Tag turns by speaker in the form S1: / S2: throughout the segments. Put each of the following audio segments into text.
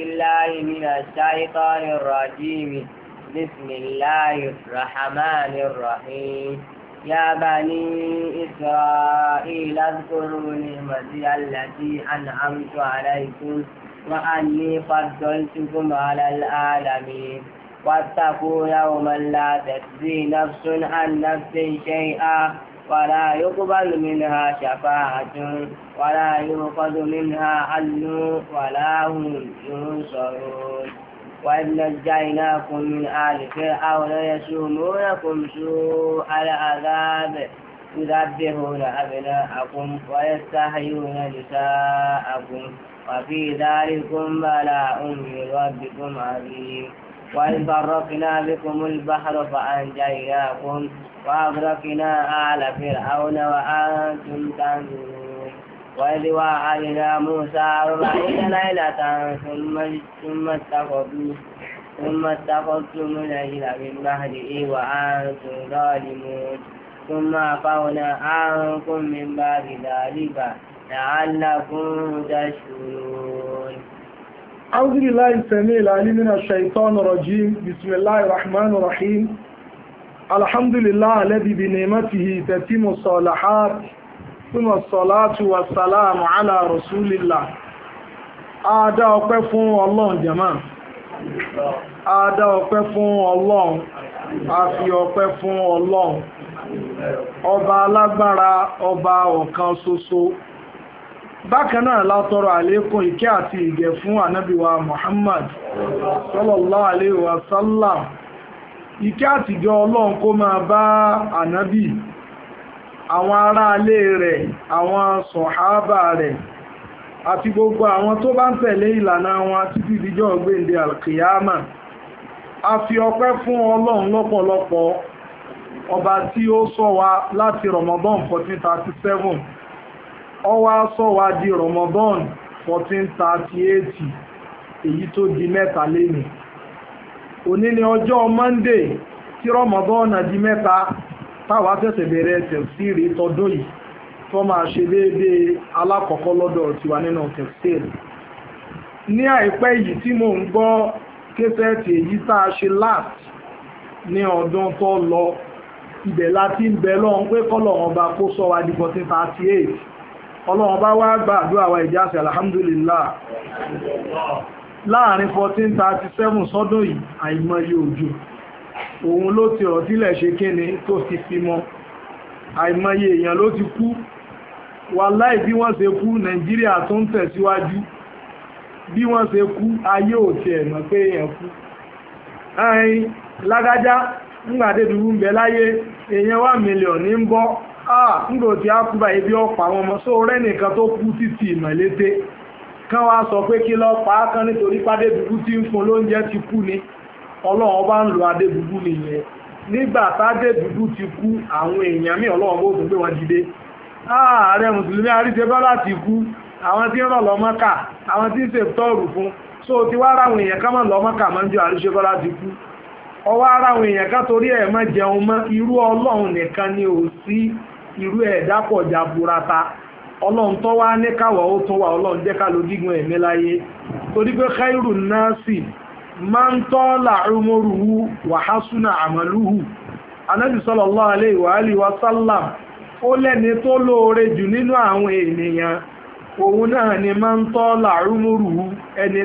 S1: بالله من الشيطان الرجيم بسم الله الرحمن الرحيم يا بني إسرائيل اذكروا نعمتي التي أنعمت عليكم وأني فضلتكم على العالمين واتقوا يوما لا تجزي نفس عن نفس شيئا ولا يقبل منها شفاعة ولا يؤخذ منها عدل ولا هم ينصرون وإذ نجيناكم من آل فرعون يسومونكم سوء العذاب يذبحون أبناءكم ويستحيون نساءكم وفي ذلكم بلاء من ربكم عظيم وإذ فرقنا بكم البحر فأنجيناكم وأغرقنا آل فرعون وأنتم تنظرون وإذ وعدنا موسى أربعين ليلة ثم ثم اتخذتم ثم اتخذتم العجل من بعده وأنتم ظالمون ثم عفونا عنكم من بعد ذلك لعلكم تشكرون
S2: أعوذ بالله السميع العليم من الشيطان الرجيم بسم الله الرحمن الرحيم alhamdulila abib na-ematighi itetimosala tuasalam ala rọsulla adokpeflọjema adaokpefolọ afiokpefụlọ ọlabara ọba ọkan ụkaosusu bakana alatọrọ aliko ikeati ga-efu anabimuhammad salọ ah asalam ìkẹ́ àtìjọ ọlọ́run kó máa bá ànábì àwọn aráalé rẹ̀ àwọn sọ̀hábà rẹ̀ àti gbogbo àwọn tó bá ń tẹ̀lé ìlànà àwọn títí ìdíjọ́ gbèǹde alkiyama a fi ọpẹ́ fún ọlọ́run lọ́pọ̀lọpọ̀ ọba tí ó sọ wa láti Ramadan 1437 sọ wa di Ramadan 1438 èyí tó di mẹ́ta lénìí òní ni ọjọ́ monday tí rọmọbọ́ọ̀nà di mẹ́ta táwa tẹ̀sẹ̀ bẹ̀rẹ̀ tẹ̀síìrì tọdún yìí tó máa ṣe déédéé alákọ̀ọ́kọ́ lọ́dọ̀ tiwa nínú tẹ̀síìrì ní àìpẹ́ yìí tí mò ń gbọ́ késẹ́ẹ̀tì èyí tá a ṣe last ní ọdún tó lọ ibẹ̀ láti ń bẹ lọ́hún pé kọ́lọ́hún ọba kó wa di fourteen thirty eight wa ìjà sí alhamdulillah. láàrin 1437 sọ́dún yìí àìmọye òjò òun ló ti rọ̀ sílẹ̀ ṣe kéne tó ti fi mọ́ àìmọye èèyàn ló ti kú wàláì bí wọ́n ṣe kú nàìjíríà tó ń tẹ̀síwájú bí wọ́n ṣe kú ayé ò tiẹ̀ mọ̀ pé èèyàn kú ẹ̀yìn lágájá ńgbàdé dúró ń bẹ láyé èèyàn wà mílíọ̀nù ń bọ́ ah ńgbò tí a kú báyìí bí ọ̀pọ̀ àwọn ọmọ sóorẹ́ nìkan tó kú títì ìmọ̀lété kán wá sọ pé kí lọ pa á kán nítorí pàdé tí ń ti kú ni ọlọ́run ọba ń lo adé nìyẹn nígbà ti kú àwọn èèyàn míì ọlọ́run bó gbé wọn dìde ah, ààrẹ mùsùlùmí àríṣebọ́ ti kú àwọn tí ń rọ̀ lọ́mọ́kà àwọn tí ń so ti wá ara èèyàn ká mọ̀ lọ́mọ́kà máa ń jẹ́ àríṣebọ́ ti kú ọwọ́ èèyàn ká torí ẹ̀ ọlọ́run tó wá ní káwà ó tó wà ọlọ́run jẹ́ ká ló gígùn ẹ̀mí láyé torí pé náà nasi máa ń tọ́ làrúmọ́rùú wàhásùnà àmàlúhù anábì sallallahu alaihi wa alihi ó lẹ́ni tó lóore jù nínú àwọn ènìyàn òun náà ni máa ń tọ́ ẹni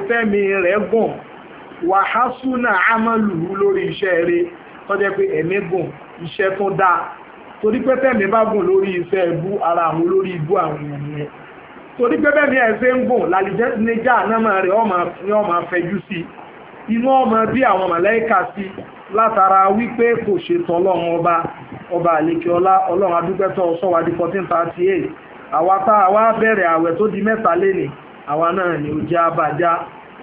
S2: torí pé tẹ̀mí bá gùn lórí iṣẹ́ ẹbú ara àwọn olórí ibú àwọn ènìyàn torí pé bẹ́ẹ̀ ni ẹ̀ṣẹ̀ ń gùn làlìjẹ́ níjà náà rẹ̀ ni ọmọ afẹ́jú sí inú ọmọ bí àwọn màláìka sí látara wípé kò ṣètò ọlọ́run ọba ọba àlekè ọlá ọlọ́run adúgbẹ́tọ̀ sọ́wádìí fourteen thirty eight àwa tá a wá bẹ̀rẹ̀ àwẹ̀ tó di mẹ́ta lénìí àwa náà ni ò jẹ́ abàjá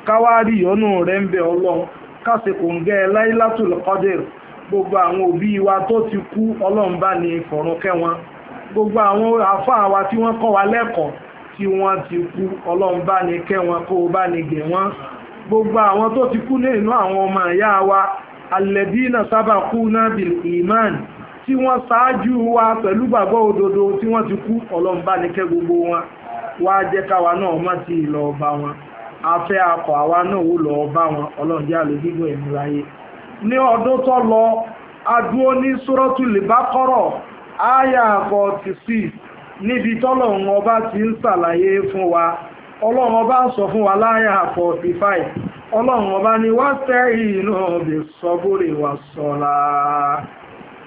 S2: káwá rí ìyọ́nú rẹ̀ ń bẹ ọlọ́run káṣe kò ń gẹ́ ẹ láìlátùl gbogbo àwọn òbí wa tó ti kú ọlọ́run bá ní fọ̀run kẹ́ wọn gbogbo àwọn àfáà wa tí wọ́n kọ́ wa lẹ́kọ̀ọ́ tí wọ́n ti kú ọlọ́run bá ní kẹ́ wọn kó o bá ní gẹ̀ wọ́n gbogbo àwọn tó ti kú nínú àwọn ọmọ ìyá wa alẹ́dínà sábà kú náà bil iman tí wọ́n ṣáájú wa pẹ̀lú gbàgbọ́ òdodo tí wọ́n ti kú ọlọ́run bá ní kẹ́ gbogbo wọn wá jẹ́ káwa náà má ti lọ bá wọn afẹ́ akọ̀ àwa náà wò lọ bá wọn ọlọ́run àlòdígbò ẹ̀mí láyé ní ọdún tó lọ adúó ní suratul Baqara àyà forty níbi tọ́lọ́run ọba ti ń fún wa ọlọ́run ọba ń sọ fún wa láyà 45 five ọlọ́run ọba ni wá sẹ́yìnú bí sọ́búrì wà sọ́la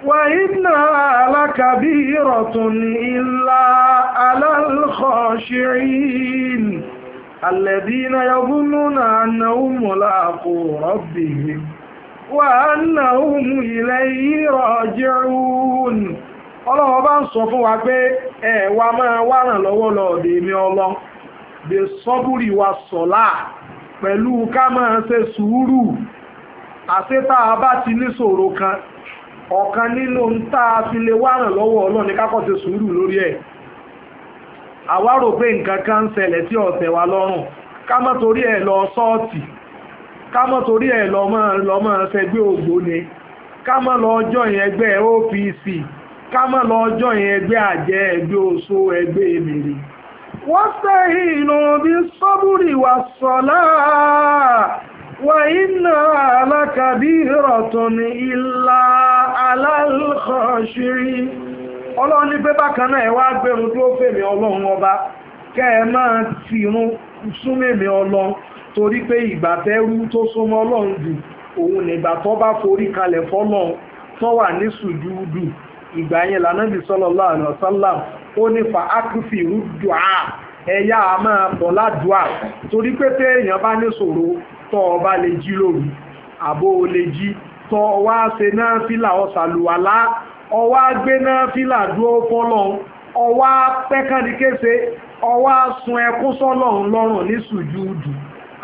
S2: wà iná alákàbí ìrọ̀tún ilá aláǹkọ̀ṣìrìn alẹ́bí náà yọgúnmú وأنهم إليه راجعون ọlọ́wọ́ bá ń sọ fún wa pé ẹ wa máa wá ràn lọ́wọ́ lọ́ọ̀dẹ̀ mi ọlọ́ bí sọ́búrì wa sọ̀lá pẹ̀lú ká máa ṣe sùúrù àṣetá bá ti ní ṣòro kan ọ̀kan nínú ń tá a fi lè wá ràn lọ́wọ́ ọlọ́ni kákọ́ ṣe sùúrù lórí ẹ̀ àwa pé nǹkan kan ń ṣẹlẹ̀ tí ọ̀tẹ̀ wa lọ́rùn ká má torí ẹ̀ lọ sọ́ọ̀tì ká mọ́ torí ẹ̀ lọ́mọ́ lọ́mọ́ ṣẹgbẹ́ ògbóni ká mọ́ lọ ọjọ́ yẹn ẹgbẹ́ OPC ká mọ́ lọ ọjọ́ yẹn ẹgbẹ́ àjẹ́ ẹgbẹ́ oṣó ẹgbẹ́ èmèrè. wọ́n sẹ́yìn inú bí sọ́búrì wà sọ́lá wà iná alákàbí ìrọ̀tún ilá aláàlùkọ̀ṣírí ọlọ́run ní pé bákan náà ẹ wá gbẹrun tó fèmí ọlọ́run ọba kẹ́ ẹ máa tìrún súnmẹ́mí ọlọ́run torí pé ìgbà tẹ́rú tó súnmọ́ ọlọ́run jù òun nígbà tó bá forí kalẹ̀ fọ́lọ́run tó wà ní sùjúdù ìgbà yẹn lànàbì sallallahu alaihi wasallam ó ní fa akífì rúdù á ẹ̀yà á máa pọ̀ ládùá torí pé téèyàn bá ní ṣòro tó o bá lè jí lóru àbó o lè jí tó o wá ṣe náà fílà ọ̀sàlùwàlá o wá gbé náà fílà dúró fọ́lọ́run o wá pẹ́kànníkése o wá sun ẹkún sọ́lọ́run lọ́rùn ní sùjúdù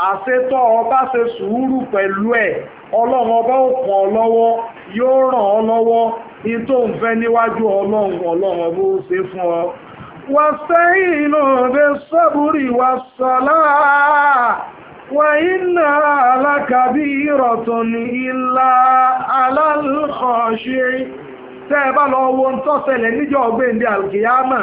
S2: àṣetọ́ ọba ṣe sùúrù pẹ̀lú ẹ̀ ọlọ́run ọba ò pọ̀ ọ lọ́wọ́ yóò ràn ọ lọ́wọ́ ní tó ń fẹ́ níwájú ọlọ́run ọlọ́run ọba ó ṣe fún ọ. wàṣẹ́yìn òde sọ́búrì wà sọ́lá وَإِنَّ لَكَبِيرَةٌ إِلَّا عَلَى الْخَاشِعِينَ tẹ́ ẹ bá lọ wo ń tọ́sẹ̀lẹ̀ níjọ́ ọgbẹ́ndé alkiyama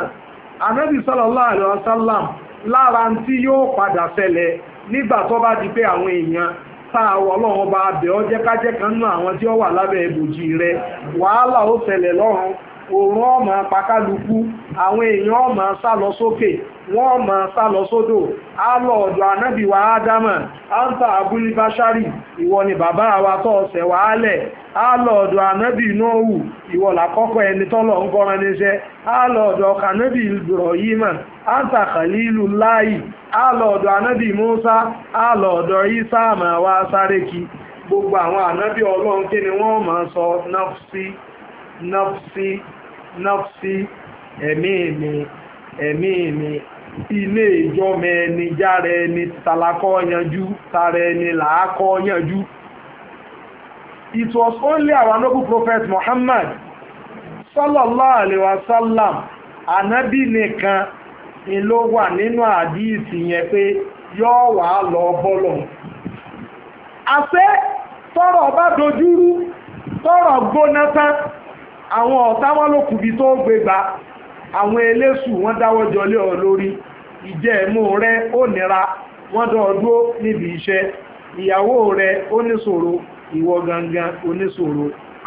S2: anábì sallallahu alaihi wasallam lára tí yóò padà ṣẹlẹ̀ nígbà tó bá di pé àwọn èèyàn tá a wọ ọlọ́run bá bẹ̀ ọ́ jẹ́kájẹ́ kan nú àwọn tí ó wà lábẹ́ ibòjì rẹ wàhálà ó ṣẹlẹ̀ lọ́rùn òòrùn ọmọ pàkálukú àwọn èèyàn ọmọ sá lọ sókè wọ́n ọmọ sá lọ sódò á lọ ọ̀dọ̀ ànábìwá abúlé báṣárì ìwọ ni bàbá wa tọ́ ọ̀sẹ̀ wàálẹ̀ á lọ ọ̀dọ̀ anabi ìwọ làkọ́kọ́ ẹni tọ́lọ̀ ń kọ́ran níṣẹ́ á lọ ọ̀dọ̀ kànábì ibrahima áńtà khalilu láì á lọ musa lọ ọ̀dọ̀ isa gbogbo àwọn ọlọ́run kí ni wọ́n sọ nafsi nọ́ọ̀sì emi emi, ẹ̀mí mi ilé ìjọmọ ẹni jára ẹni tàlákọ́ yanjú tara ẹni làákọ́ It was only our noble prophet Muhammad sallallahu alayhi wa sallam anabi nìkan ló wà nínú àdíìsì yẹn pé yóò wà lọ bọ́lọ̀. àṣẹ tọrọ bá tọrọ gbóná tán àwọn ọ̀tá wọn ló kùbi tó gbégbá àwọn eléṣù wọn dáwọ́ jọlé ọ lórí ìjẹ́ ẹ̀mú rẹ ó nira wọ́n dọ̀ọ́dúró níbi iṣẹ́ ìyàwó rẹ ó níṣòro ìwọ gangan ó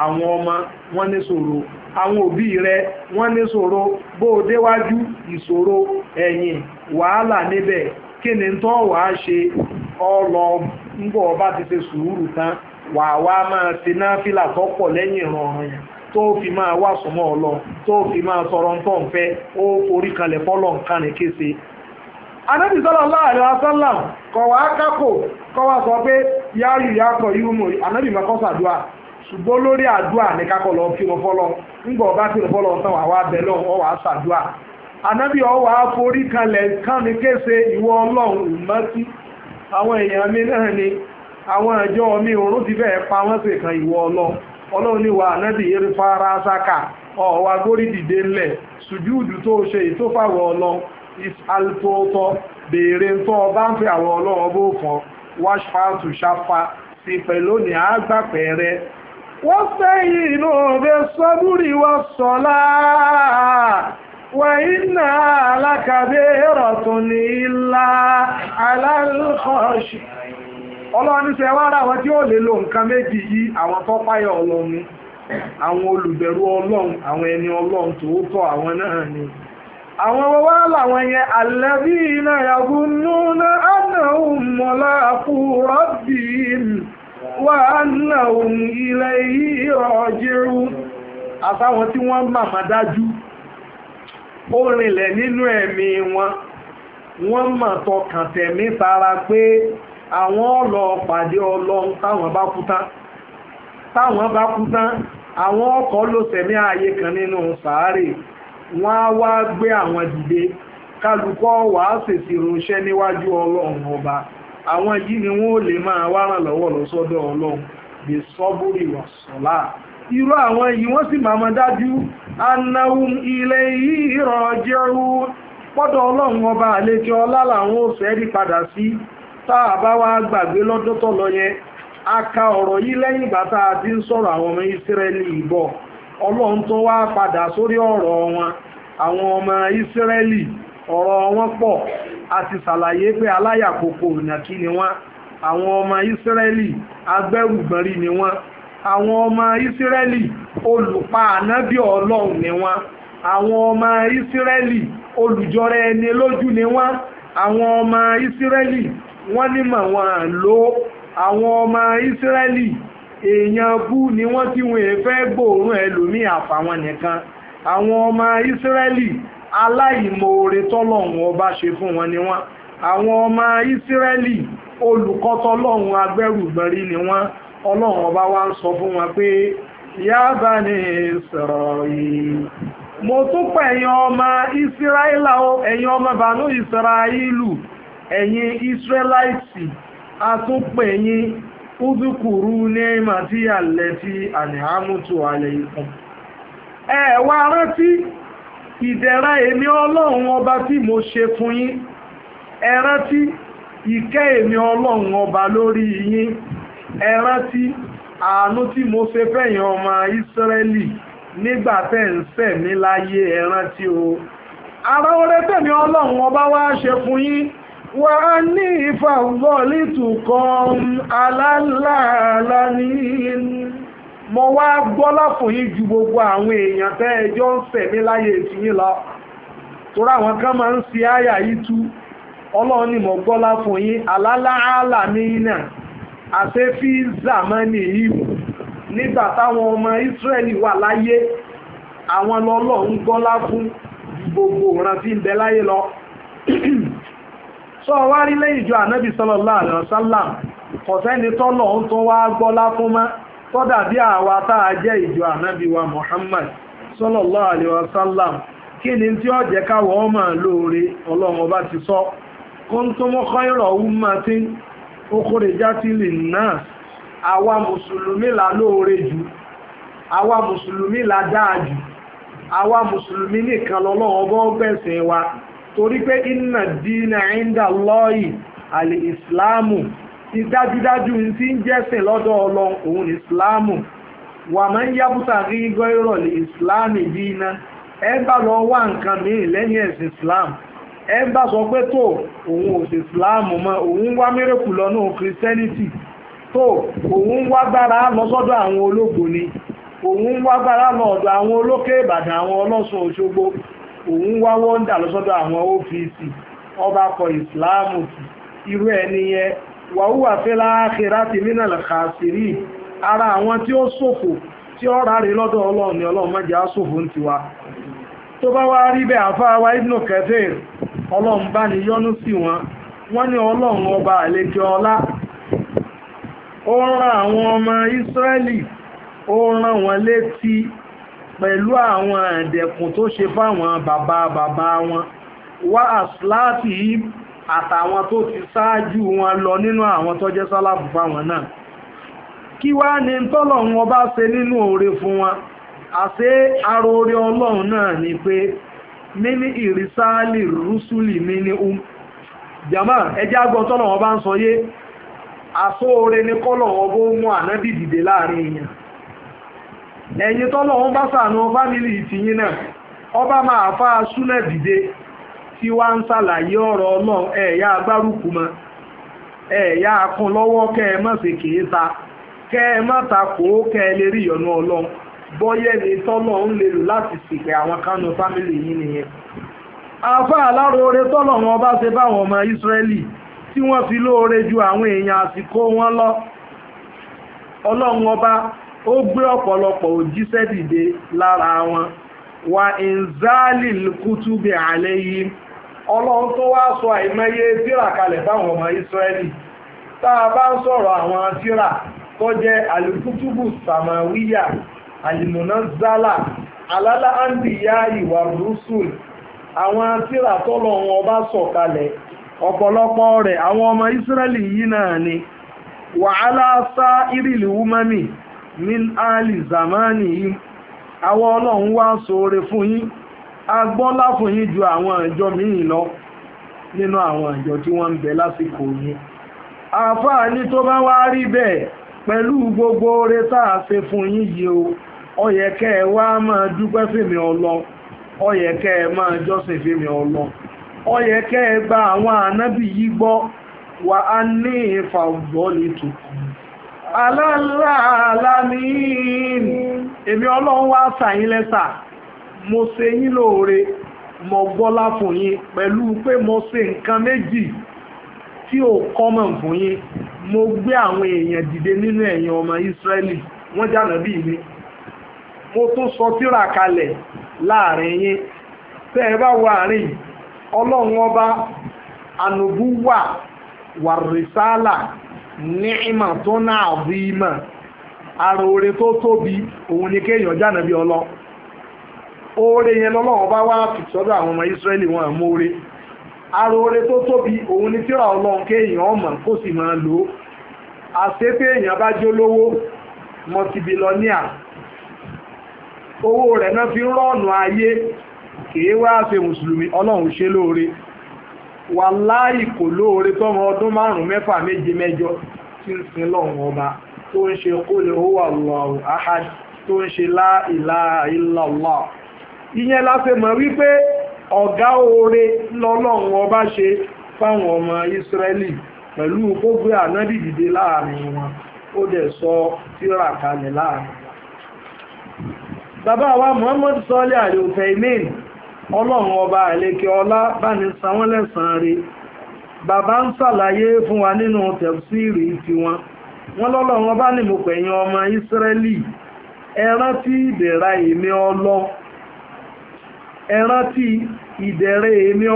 S2: àwọn ọmọ wọn níṣòro àwọn òbí rẹ wọn níṣòro bó o déwájú ìṣòro ẹ̀yìn wàhálà níbẹ̀ kí ni wàá ọba ti ṣe sùúrù tán wàá wá máa ṣe náà fìlà tó fi máa wá súnmọ́ ọlọ́run tó fi máa sọ̀rọ̀ nǹkan ọ̀fẹ́ ó forí kalẹ̀ fọ́lọ̀ nǹkan rẹ̀ kése. anábì sallallahu alaihi kákò sọ pé yáàrú yàkọ̀ yúmọ̀ anábì máa kọ́ ṣùgbọ́n lórí àdúà ní kákọ̀ lọ fi fọ́lọ́ ńgbọ̀ bá fi fọ́lọ́ tán wà wá bẹ̀ lọ́hùn wà á anábì ọ wà forí kalẹ̀ kése ìwọ ọlọ́run ọlọ́run ni wa ànábì eré fara sáka ọ̀wà górí dìde ńlẹ̀ sùjúùdù tó ṣe ìtófàwọ̀ ọlọ́run ìsàlùtòótọ́ béèrè tó o bá ń fẹ́ àwọn ọlọ́run bó kan wáṣfàtù ṣáfà sí pẹ̀lú ní àgbàpẹ̀ rẹ. wọ́n sẹ́yìn inú ọ̀bẹ sọ́dúrì wọ́n sọ́lá wàhínà alákàbẹ́ rọ̀tún ní ilá alálùkọ́ṣù. ọlọ́ọ̀níṣẹ́ wá ráwọn tí ó lè lo nǹkan méjì yìí àwọn tó ọlọ́run àwọn olùbẹ̀rù ọlọ́run àwọn ẹni ọlọ́run tòótọ́ àwọn náà ni àwọn wọ́wọ́ làwọn yẹn àlẹ́bí iná yàgò núná ánàhùn mọ́lá kú rọ́bì wà ánàhùn ilẹ̀ yìí rọ̀jìrú àtàwọn tí wọ́n màmá dájú ó rinlẹ̀ nínú ẹ̀mí wọn wọ́n mà tọkàn tẹ̀mí pé àwọn ọlọ pàdé ọlọ́run táwọn bá kú tán táwọn bá kú tán àwọn ọkọ̀ ló sẹ̀mí ààyè kan nínú sàárè wọ́n á wá gbé àwọn dìde kálukọ́ wàá ṣèṣì ránṣẹ́ níwájú ọlọ́run ọba àwọn yìí ni wọ́n ò lè máa wá ràn lọ́wọ́ lọ ọlọ́run bí sọ́búrì wà sọ́lá irú àwọn yìí wọ́n sì máa mọ dájú anáhùn ilé yìí rọ̀ jẹ́rú pọ́dọ̀ ọlọ́run ọba àlejò ọlá làwọn ò fẹ́ rí padà sí. tá a bá wá gbàgbé lọ́dún tó lọ yẹn a ka ọ̀rọ̀ yìí lẹ́yìn ìgbà tá a ti ń sọ̀rọ̀ àwọn ọmọ ìsírẹ́lì ìbọ̀ ọlọ́run tó wá padà sórí ọ̀rọ̀ wọn àwọn ọmọ ìsírẹ́lì ọ̀rọ̀ wọn pọ̀ a ti ṣàlàyé pé aláyàkókò ìnàkí ni wọn. àwọn ọmọ ìsírẹ́lì agbẹ́rùgbọ́nrí ni wọn. àwọn ọmọ ìsírẹ́lì olùpa ànábì ọlọ́run ni wọn. àwọn ọmọ ìsírẹ́lì olùjọra ẹni lójú ni wọ́n àwọn ọmọ ìsírẹ́lì wọ́n nímọ̀ wọn à ń lò àwọn ọmọ Ísírẹ́lì èèyàn bú ni wọ́n tí wọ́n fẹ́ gbòòrùn ẹlòmíì àfàwọn nìkan àwọn ọmọ Ísírẹ́lì aláìmoore tọ́lọ́hún ọba ṣe fún wọn ni wọ́n àwọn ọmọ Ísírẹ́lì olùkọ́ tọ́lọ́hún agbẹ́rùgbẹ̀rí ni wọ́n ọlọ́run ọba wa ń sọ fún wọn pé yáàbá sọ̀rọ̀ yìí mo tún pẹ̀yìn ọmọ Ísírẹ́lì ẹ̀yìn ọmọ bànú Ísírẹ́lì ẹ̀yin israẹlaìtì a tún pè yín udukuru ní màtí àlẹ́ tí àníhámútu àlẹ́ ikùn ẹ wá rántí ìdẹ̀ra èmi ọlọ́run ọba tí mo ṣe fún yín ẹ rántí ìkẹ́ èmi ọlọ́run ọba lórí yín ẹ rántí àánú tí mo ṣe fẹ̀yìn ọmọ ìsírẹ́lì nígbà tẹ́ ń sẹ̀mí láyé ẹ rántí o ara oore tẹ̀mí ọlọ́run ọba wá ṣe fún yín وأني فضلتكم على العالمين mo wá gbọ́lá fún yín ju gbogbo àwọn èèyàn tẹ́ ẹjọ́ ń sẹ̀mí láyé tiyín lọ torí àwọn kan máa ń àyà yìí tú ọlọ́run ni mo gbọ́lá yín ọmọ wà láyé àwọn gbogbo ń bẹ lọ sọ wá rí lẹ́yìn ìjọ ànábì sallallahu alaihi wasallam kò sẹ́ni tọ́lọ̀ ń tó wá gbọ́lá fún mọ́ tó dàbí àwa tá a jẹ́ ìjọ ànábì wa Muhammad sallallahu alaihi wasallam kí ni tí ó jẹ́ káwọ́ ọmọ lóore ọlọ́run ọba ti nìkan lọ́lọ́run ọba ọgbẹ̀sìn wa. torí pé iná dínà ẹ̀ńdà lọ́ọ̀yì àlè ìsìláàmù ti dájúdájú ní ti ń jẹ́sìn lọ́dọ̀ ọlọ òun ìsìláàmù wà máa ń yábùtà rí igọ́ ìrọ̀lẹ̀ ìsìláàmù bí iná ẹ bá lọ wá nǹkan mìíràn lẹ́yìn ẹ̀sìn ìsìláàmù ẹ bá sọ pé tó òun ò ìsìláàmù òun wá mẹ́rẹ̀kù kìrìsìtẹ́nìtì tó òun lọ́sọ́dọ̀ òun wá wọ́ndà lọ́sọ́dọ̀ àwọn OPC ọba kọ ìsìláàmù irú ẹni yẹn wàhùwà fẹ́lá àkìrátì mínàlá kàásìrì ara àwọn tí ó ṣòfò tí ó ráre lọ́dọ̀ ọlọ́run ni ọlọ́run mẹ́jẹ á ṣòfò ń tiwa tó bá wá rí bẹ́ẹ̀ àfáà wa ibnu kẹfẹ́ẹ̀r ọlọ́run bá ní yọ́nú sí wọn wọ́n ní ọlọ́run ọba àlejò ọlá ó rán àwọn ọmọ ìsírẹ́lì ó rán wọn létí pẹ̀lú àwọn àdẹ̀kùn tó ṣe fáwọn bàbá bàbá wọn wá àsìláàtì àtàwọn tó ti ṣáájú wọn lọ nínú àwọn tó jẹ́ sálàfù fáwọn náà kí wá ní tọ́lọ̀ wọn bá ṣe nínú oore fún wọn àṣé aróore ọlọ́run náà ni pé mini ìrísàálì rúsùlì mini um jama ẹjẹ́ àgbọ̀ tọ́lọ̀ wọn bá ń sọ yé àṣó oore ni kọ́lọ̀ wọn bó mú ànábì dìde láàrin èèyàn ẹ̀yin tọ́lọ̀ ń bá sànú fámìlì tìyín náà ọba máa fa súnlẹ̀ dìde tí wá ń ṣàlàyé ọ̀rọ̀ ọlọ́run ẹ̀yà agbárùkù mọ́ ẹ̀yà akun lọ́wọ́ kẹ́ ẹ má kìí ta kẹ́ ẹ ta kó kẹ́ ẹ lè rí ìyọ̀nù ọlọ́run bọ́yẹ̀ ju àwọn èèyàn àsìkò wọn ó gbé ọ̀pọ̀lọpọ̀ òjíṣẹ́ dìde lára wọn wà ìnzáàlì kútúbì àlẹ́ yìí ọlọ́run tó wá sọ àìmọye kalẹ̀ báwọn ọmọ ìsírẹ́lì tá a bá ń sọ̀rọ̀ àwọn tírà tó jẹ́ alùkútúbù sàmàwíyà alìmùnáńzálà alálà ìwà ọba sọ kalẹ̀ ọ̀pọ̀lọpọ̀ rẹ̀ ọmọ ìsírẹ́lì yìí náà ni wàhálà sá min ali zamani yi awon olohun wa so re fun yin agbola fun yin ju awon ijo mi yin lo ninu awon ijo ti won be lasiko yin afa ni to ba wa ri be pelu gbogbo re ta se fun yi o o ye ke wa ma dupe fi mi olo o ye ke ma jo se fi mi olo o ye gba awọn anabi yi gbo wa ani fa gbo ni tuku aláàlámìn èmi ọlọ́run wá sàyín lẹ́sà mo ṣe yín lóore mo gbọ́lá fún yín pẹ̀lú pé mo ṣe nǹkan méjì tí ò kọ́mọ̀ fún yín mo gbé àwọn èèyàn dìde nínú ẹ̀yin ọmọ Ísírẹ́lì wọ́n jànà bí mi mo tún sọ tírà kalẹ̀ láàrin yín tẹ́ ẹ bá wọ àárín ọlọ́run ọba ànùbú wà ni tó náà bí mọ̀ ara oore tó tóbi òun ni kéèyàn ọlọ oore yẹn lọ́lọ́wọ́ bá wá àwọn ọmọ Ísírẹ́lì wọn àmọ́ oore ara oore tó tóbi òun ni tíra ọlọ́run kéèyàn ọmọ kó sì máa lò ó àṣepé èèyàn bá jó lówó owó rẹ̀ náà fi ń rọ̀nù ayé kì í wá ṣe mùsùlùmí ọlọ́run wàláì kò lóore tọ́mọ ọdún márùn mẹ́fà méje mẹ́jọ tí ń sin lọ́run ọba tó ń ṣe kólé wà tó ń ṣe la ilaha ìyẹn mọ̀ wípé ọ̀gá oore ọba ṣe fáwọn ọmọ pẹ̀lú gbogbo ànábì dìde láàrin wọn ó dẹ̀ sọ tírà kalẹ̀ láàrin wọn. bàbá Muhammad ọlọ́run ọba àlékè ọlá bá ní san wọ́n bàbá ń fún wa nínú tẹ̀síìrì ti wọn lọ́lọ́run ọba ní mo pẹ̀yìn ọmọ ìsírẹ́lì ẹran rántí ìdẹ̀ra èmi ọlọ́ ìdẹ̀ra èmi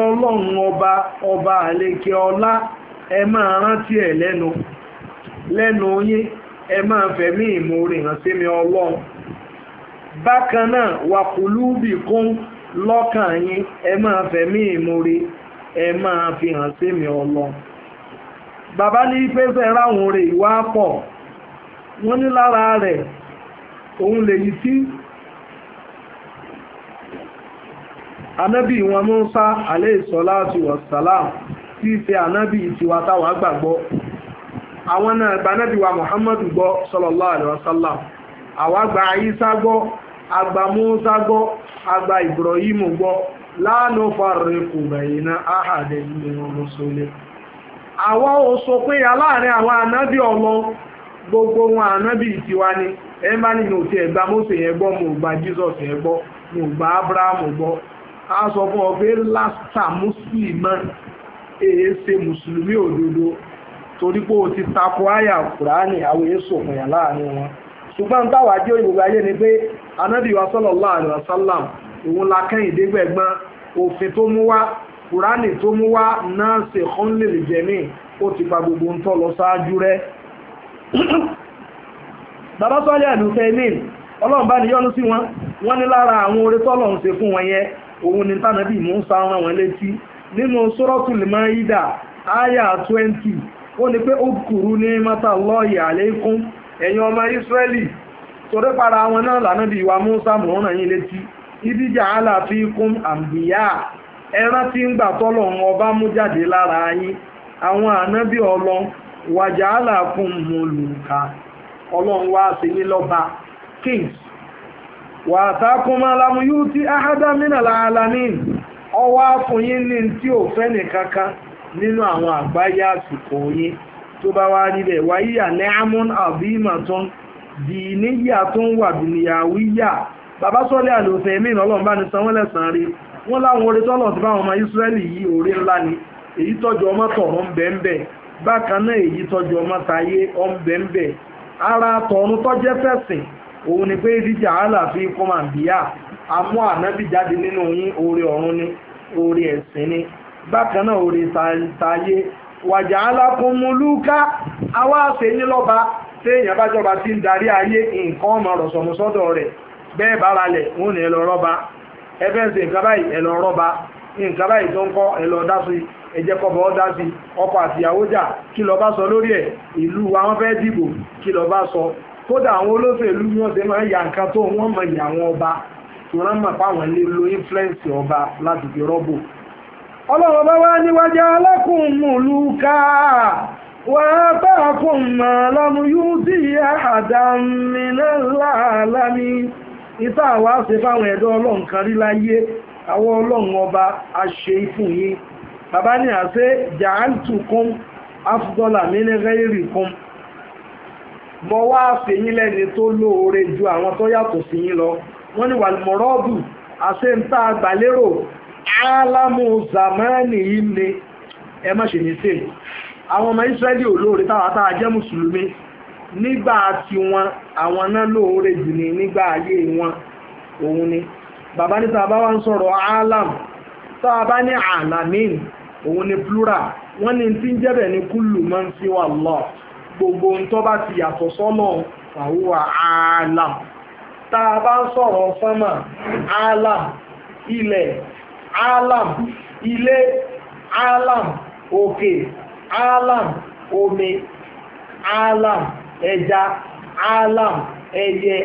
S2: ọba ọba ọlá ẹ máa rántí lẹ́nu lẹ́nu yín ẹ máa fẹ̀mí sí mi ọlọ́run lọ́kàn yín ẹ máa fẹ̀mí ìmoore ẹ máa fi hàn sẹ́mi ọlọ bàbá ní pẹ́sẹ̀ ráhùn rẹ̀ ìwà pọ̀ wọ́n ní lára rẹ̀ òun lèyí tí anábì wọn Mùsá aléìsọ́láàtù wọ̀sálàm tí í ṣe anábì tiwa táwa gbàgbọ́ àwọn náà gbanábì wa Muhammadu gbọ́ sọlọ́lá àlùwàsálàm àwa gba Ìsá gbọ́ àgbà Musa gbọ́ àgbà Ibrahim gbọ́ láàánú fàrẹ̀kù bẹ̀yìnà áhàdẹ̀ awa olóṣòlẹ̀ àwọn òṣòpinya láàrin àwọn anabi ọlọ gbogbo wọn ànábì tiwa ni ẹ má ní mi ò tiẹ̀ gba Mósè yẹn mo gba Jesus yẹn mo gba Abrahamu gbọ a sọ fún ọ pé lásìtà mùsùlùmí ṣe mùsùlùmí òdodo torí pé o ti àwọn èso ṣùgbọ́n táwàá jẹ́ òyìnbó ayé ni pé anábì wa sallallahu alaihi wasallam òun la kẹ́yìn dégbẹ̀gbọ́n òfin tó mú wá kùránì tó mú wá náà ṣe kán lè lè jẹ́ ní ó ti pa gbogbo ń tọ́ lọ ṣáájú rẹ̀. bàbá sọ́lẹ̀ àlù fẹ́mìn ọlọ́run bá níyọ́nú sí wọn wọ́n ní lára àwọn oore tọ́lọ̀ ń ṣe fún wọn yẹn òun ni tánàbì mú ń sa ran wọn létí nínú suratul Maida áyà 20 ó ní pé ó kúrú ní mọ́tà lọ́ọ̀yà alaykum ẹ̀yin ọmọ Ísírẹ́lì torí para wọn náà lànàbí wa Musa mọ̀ọ́nà yín létí ibi jà á là fi kún àǹbíyá ẹran tí ń gbà tọ́lọ̀ ọba mú jáde lára yín àwọn ànábì ọlọ wàjà á là kún mọ̀lùkà ọlọ́run wá sí ní lọ́ba kings wà yóò ti ọwọ́ àfọyín ní tí ò fẹ́ nìkankan tó bá wá rí bẹ́ẹ̀ wáyíyà ni'amun di dìníyà tó ń wà dùnìyàwíyà bàbá sọ́lẹ̀ àlòfẹ́ mìíràn ọlọ́run bá ní sanwó-ẹ̀lẹ̀ sàn rí wọ́n láwọn orí tọ́lọ̀ ti báwọn ọmọ Ísírẹ́lì yìí orí ńlá ni èyí tọ́jú ọmọ tọ̀rọ̀ ń bẹ́ẹ̀ bẹ́ẹ̀ bákan náà èyí tọ́jú ọmọ tayé ọ̀ ń bẹ́ẹ̀ bẹ́ẹ̀ ara tọ̀run tọ́jẹ́ fẹ̀sìn òun ni pé ìdíjà àlà fi kọ́ máa bíyà àmú ànábì jáde nínú yín orí ọ̀run ni orí ẹ̀sìn ni bákan náà orí tayé wàjà alákùnmúlúkà àwa àṣeyín lọ́ba téèyàn bá jọba tí ń darí ayé nǹkan ọmọ rọ̀sọ̀mù sọ́dọ̀ rẹ̀ bẹ́ẹ̀ bá ralẹ̀ wọn ni ẹlọ rọ́ba ẹbẹ́ ń ṣe nǹkan báyìí ẹlọ rọ́ba nǹkan báyìí tó ń kọ́ ẹlọ dá sí ẹjẹ́ kọ́bọ̀ ọ́ dá ya nǹkan tó wọ́n mọ̀ yà àwọn ọba tó influence ọba láti fi ọlọ́run bá wá níwájú alákùnmùlú ká wàá bá fún mọ́ lọ́mú yóò sí àdámínà láàlámí ìta àwa ṣe fáwọn ẹ̀dọ́ ọlọ́run kan rí láyé àwọn ọlọ́run ọba aṣe fún yín bàbá ní àṣẹ jàǹtùkún afdọ́là mínírẹ́rì kún mọ wá fèyín lẹ́ni tó lóore ju àwọn tó yàtọ̀ sí yín lọ wọ́n ní wàlùmọ̀rọ́ọ̀bù àṣẹ ń tá àgbàlérò álámù zamani yìí ni ẹ má ṣe ní sè àwọn ọmọ Ísírẹ́lì olóore táwọn àtàwọn ajẹ́ mùsùlùmí nígbà tiwọn àwọn náà lóore jù ní nígbà ayé wọn òun ni bàbá ní tàbá wá ń sọ̀rọ̀ alam tàbá ní alamin òun ni plural wọ́n ní tí ń jẹ́bẹ̀ ní kúlù mọ́ ń sí wà lọ gbogbo ń tọ́ bá ti yàtọ̀ sọ́nà fàwọ́ alam tàbá sọ̀rọ̀ sánmà alam ilẹ̀ alam ilé alam òkè alam omi alam ẹja alam ẹyẹ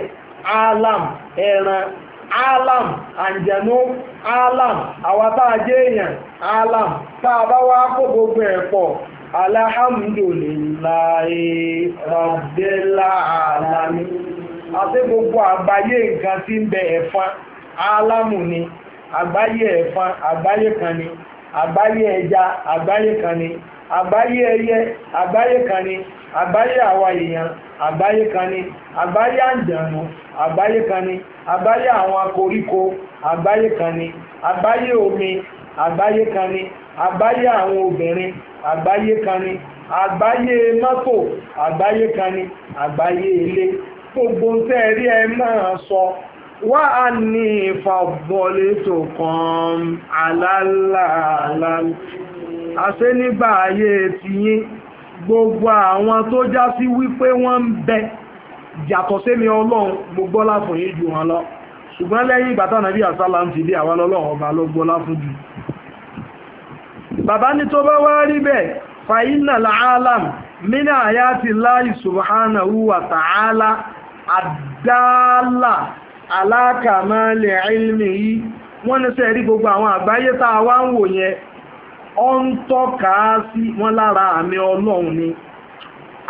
S2: alam ẹran alam àǹjẹ̀nú alam àwátáàjẹ́ èèyàn alam a bá wá kó gbogbo ẹ̀pọ̀ alhamdulillahi rabbil Alami àti gbogbo àgbáyé nǹkan ti ń bẹ ẹ̀fán alamu ni àgbáyé ẹ̀fọn àgbáyé kan ni àgbáyé ẹja àgbáyé kan ni àgbáyé ẹyẹ àgbáyé kan ni àgbáyé àwa èèyàn àgbáyé kan ni àgbáyé àǹjànù àgbáyé kan ni àgbáyé àwọn koríko àgbáyé kan ni àgbáyé omi àgbáyé kan ni àgbáyé àwọn obìnrin àgbáyé kan ni àgbáyé mọ́tò àgbáyé kan ni àgbáyé ilé gbogbo ń tẹ́ ẹ rí ẹ máa sọ wá a ní ìfọ̀bọ̀lẹ̀ tó kàn àlàálàálà àṣẹ nígbà ayé tiyín gbogbo àwọn tó já sí wípé wọ́n ń bẹ yàtọ̀ sẹ́mi ọlọ́run mo gbọ́lá fún yín jù wọn lọ ṣùgbọ́n lẹ́yìn ìgbà táwọn nàbí àsálà ń fi dé àwa lọ́lọ́run ọba ló gbọ́lá fún jù bàbá ní tó bá wá rí bẹ́ẹ̀ fàyínà làálàm mínà àyàtì láì subhanahu wa ta'ala àdáàlà aláàkàmọ́lẹ̀ ilmi yìí wọ́n ní sẹ́ rí gbogbo àwọn àgbáyé tá a wá ń wò yẹn ọ ń tọ́ka sí wọn lára àmì ọlọ́run ni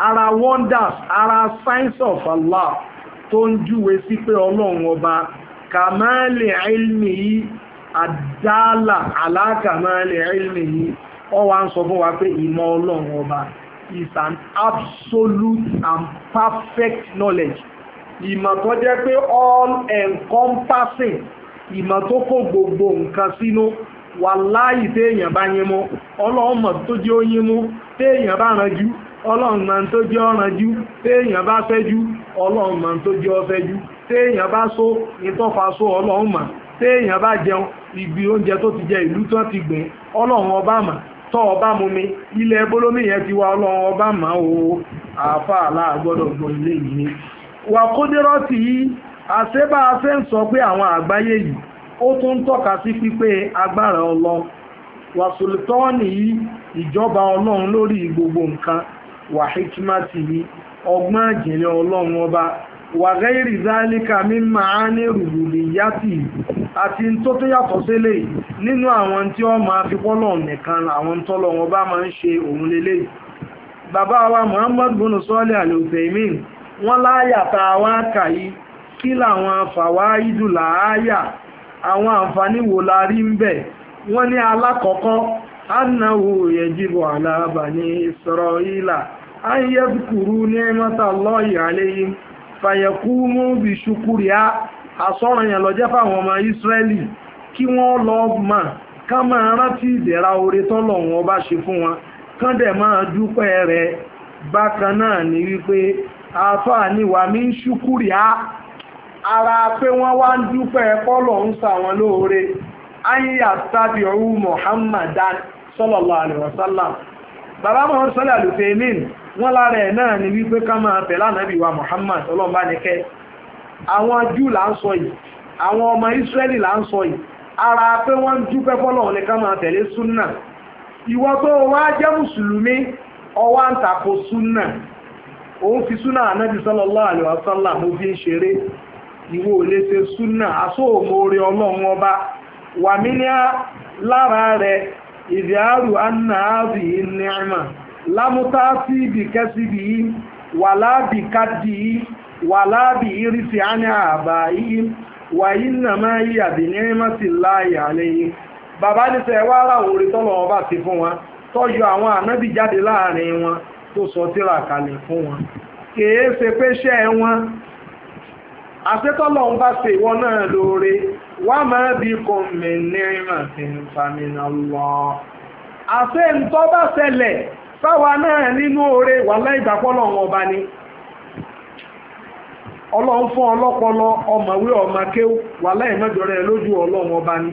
S2: ara wonders ara signs of Allah tó ń júwe sí pé ọlọ́run ọba kàmọ́lẹ̀ ilmi yìí àdáàlà aláàkàmọ́lẹ̀ ilmi yìí ọ wá ń sọ fún wa pé ìmọ̀ ọlọ́run ọba is an absolute and perfect knowledge ìmọ̀ tó jẹ́ pé all encompassing ìmọ̀ tó kó gbogbo nǹkan sínú wà láàyè téèyàn bá yín mú ọlọ́run mọ̀ tó jẹ́ ó yín mú téèyàn bá ranjú ọlọ́run mọ̀ tó jẹ́ ó téèyàn bá ọlọ́run mọ̀ tó jẹ́ so ìtọ́fà so ọlọ́run mọ̀ téèyàn bá jẹun ìgbì oúnjẹ tó ti jẹ ìlú tó ti gbìn ọlọ́run ọba ọba mi ilẹ̀ bolómi yẹn ti wá o àáfàá aláàgbọ́dọ̀ gbọ́ ilé yìí wà kódírọ́tì yìí àṣebá afẹ́ ń sọ pé àwọn àgbáyé yìí ó tún tọ́ka sí pípé agbára ọlọ wà sòlítọ́ọ̀nì yìí ìjọba ọlọ́run lórí gbogbo nǹkan wà hikimati yìí ọgbọ́n ìjìnlẹ̀ ọlọ́run ọba mímọ́ á ní rùrùlì àti tó tó yàtọ̀ sílẹ̀ nínú àwọn tí wọ́n máa fi nìkan àwọn tọ́lọ̀ máa ń ṣe òun lélẹ̀ bàbá wa Muhammad wọ́n láyà tá a kí làwọn àfàwà ìdù làáyà àwọn àǹfààní wo la rí ń bẹ̀ wọ́n ní alákọ̀ọ́kọ́ annahu yajibu ala bani isra'ila an yadhkuru ni'mata Allahi alayhim fayakumu bi shukriha àsọ̀rọ̀ yẹn lọ jẹ́ fáwọn ọmọ Ísírẹ́lì kí wọ́n lọ mà ká máa rántí ìdẹ̀ra oore tọ́lọ́run ọba se fún wọn kán dẹ̀ máa dúpẹ́ rẹ̀ bákan náà ní wípé àáfàá ni wà mí ṣúkúrì á ara pé wọ́n wá ń dúpẹ́ kọ́lọ̀ ń sàwọn lóore ayíyà sábì ọ̀rú Muhammadan sallallahu alaihi wasallam bàbá mọ̀ sọ́lá lùfẹ̀mín wọ́n lára ẹ̀ náà ni wípé ká máa wa Muhammad ọlọ́mbà àwọn jù là ń sọ yìí ọmọ là ń ara pé wọ́n ń dúpẹ́ ni ká máa tẹ̀lé súnà tó wá jẹ́ mùsùlùmí òun fi súnà ànábì sallallahu alaihi wasallam mo fi ń ṣeré ìwọ ò súnà àsóòmò orí ọlọ́run ọba wà mí ní lára rẹ̀ ìdíàrú anna ábì nìrìmà lámútá sí ibì kẹsì bì wà lábì wà lábì irísì ánì àbà yìí wà yìí àbì láàyè yìí bàbá ní sẹ́wàá ra tó sọ tíra kalẹ̀ fún wọn kèé ṣe pé ṣẹ́ wọn àṣetọ́lọ́ bá ṣe ìwọ náà lóore wà máa bí kọ́mẹ̀ nírìnà tí ń famina lọ. àṣẹ ńtọ́ bá ṣẹlẹ̀ sáwa náà nínú oore wà láì dàpọ́lọ̀ wọn ọba ni ọlọ́run fún ọlọ́pọlọ ọmọwé ọmọkéw wà láì mọ́jọ rẹ̀ lójú ọlọ́run ọba ni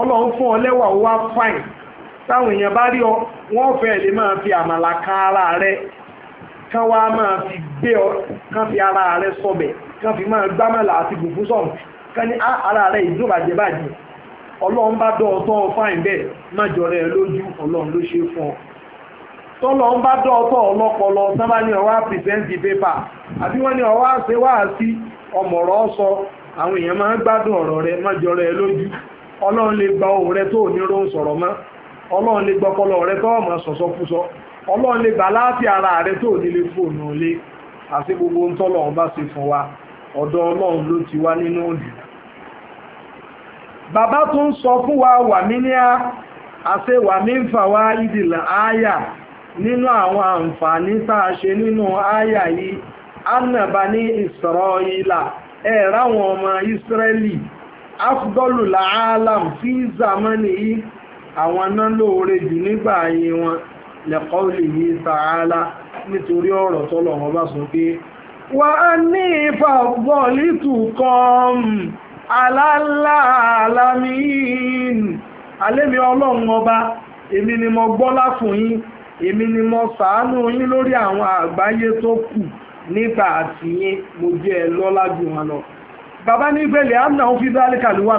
S2: ọlọ́run fún ọlẹ́wà wá fáìn táwọn èèyàn bá rí ọ wọn lè máa fi àmàlà kan ara rẹ kán wá máa fi gbé ọ kán fi ara rẹ bẹ kán fi máa gbámàlà àti bùkún sọ̀rọ̀ kán ní ara rẹ ìdúbàjẹ́ bàjẹ́ ọlọ́run bá dọ̀ ọtọ́ fáìn bẹ́ẹ̀ jọrọ lójú ọlọ́run ló fún ọ ń bá dọ̀ ọlọ́pọlọ sábà ní àbí wọ́n ní wá sí ọmọ̀rọ̀ àwọn èèyàn máa ń gbádùn jọrọ lójú ọlọ́run lè gba rẹ tó ò ní ró ọlọ́run lè gbọ́pọlọ rẹ tó ọmọ sọ̀sọ́ fún sọ ọlọ́run lè gbà láti ara rẹ tó nílé fóònù lé àti gbogbo ń tọ́lọ̀ ọba ṣe fún wa ọ̀dọ̀ ọlọ́run ló ti wá nínú òdì. bàbá tó ń sọ fún wa wà mí ní a àṣẹ wà mí ń fà wá ìdìlà áyà nínú àwọn àǹfààní tá a ṣe nínú áyà yìí ánàbà ní ìsọ̀rọ̀ ìlà ẹ̀ ọmọ ìsírẹ́lì afdọ́lù làálàm fi zamani yìí àwọn náà lóore jù nígbà ayé wọn lẹ́kọ́ lè yí sàálà nítorí ọ̀rọ̀ tọ́lọ̀ wọn bá sọ pé wà á ní ìfàbọ̀lì tùkọ́m alálàálámìn alẹ́mi ọlọ́run ọba èmi ni mo gbọ́lá fún yín èmi ni mo sàánú yín lórí àwọn àgbáyé tó kù nígbà àti yín mo jẹ́ ẹ lọ́lá jù wọn lọ bàbá nígbẹ̀lẹ̀ àmì náà fi dálé kàlùwà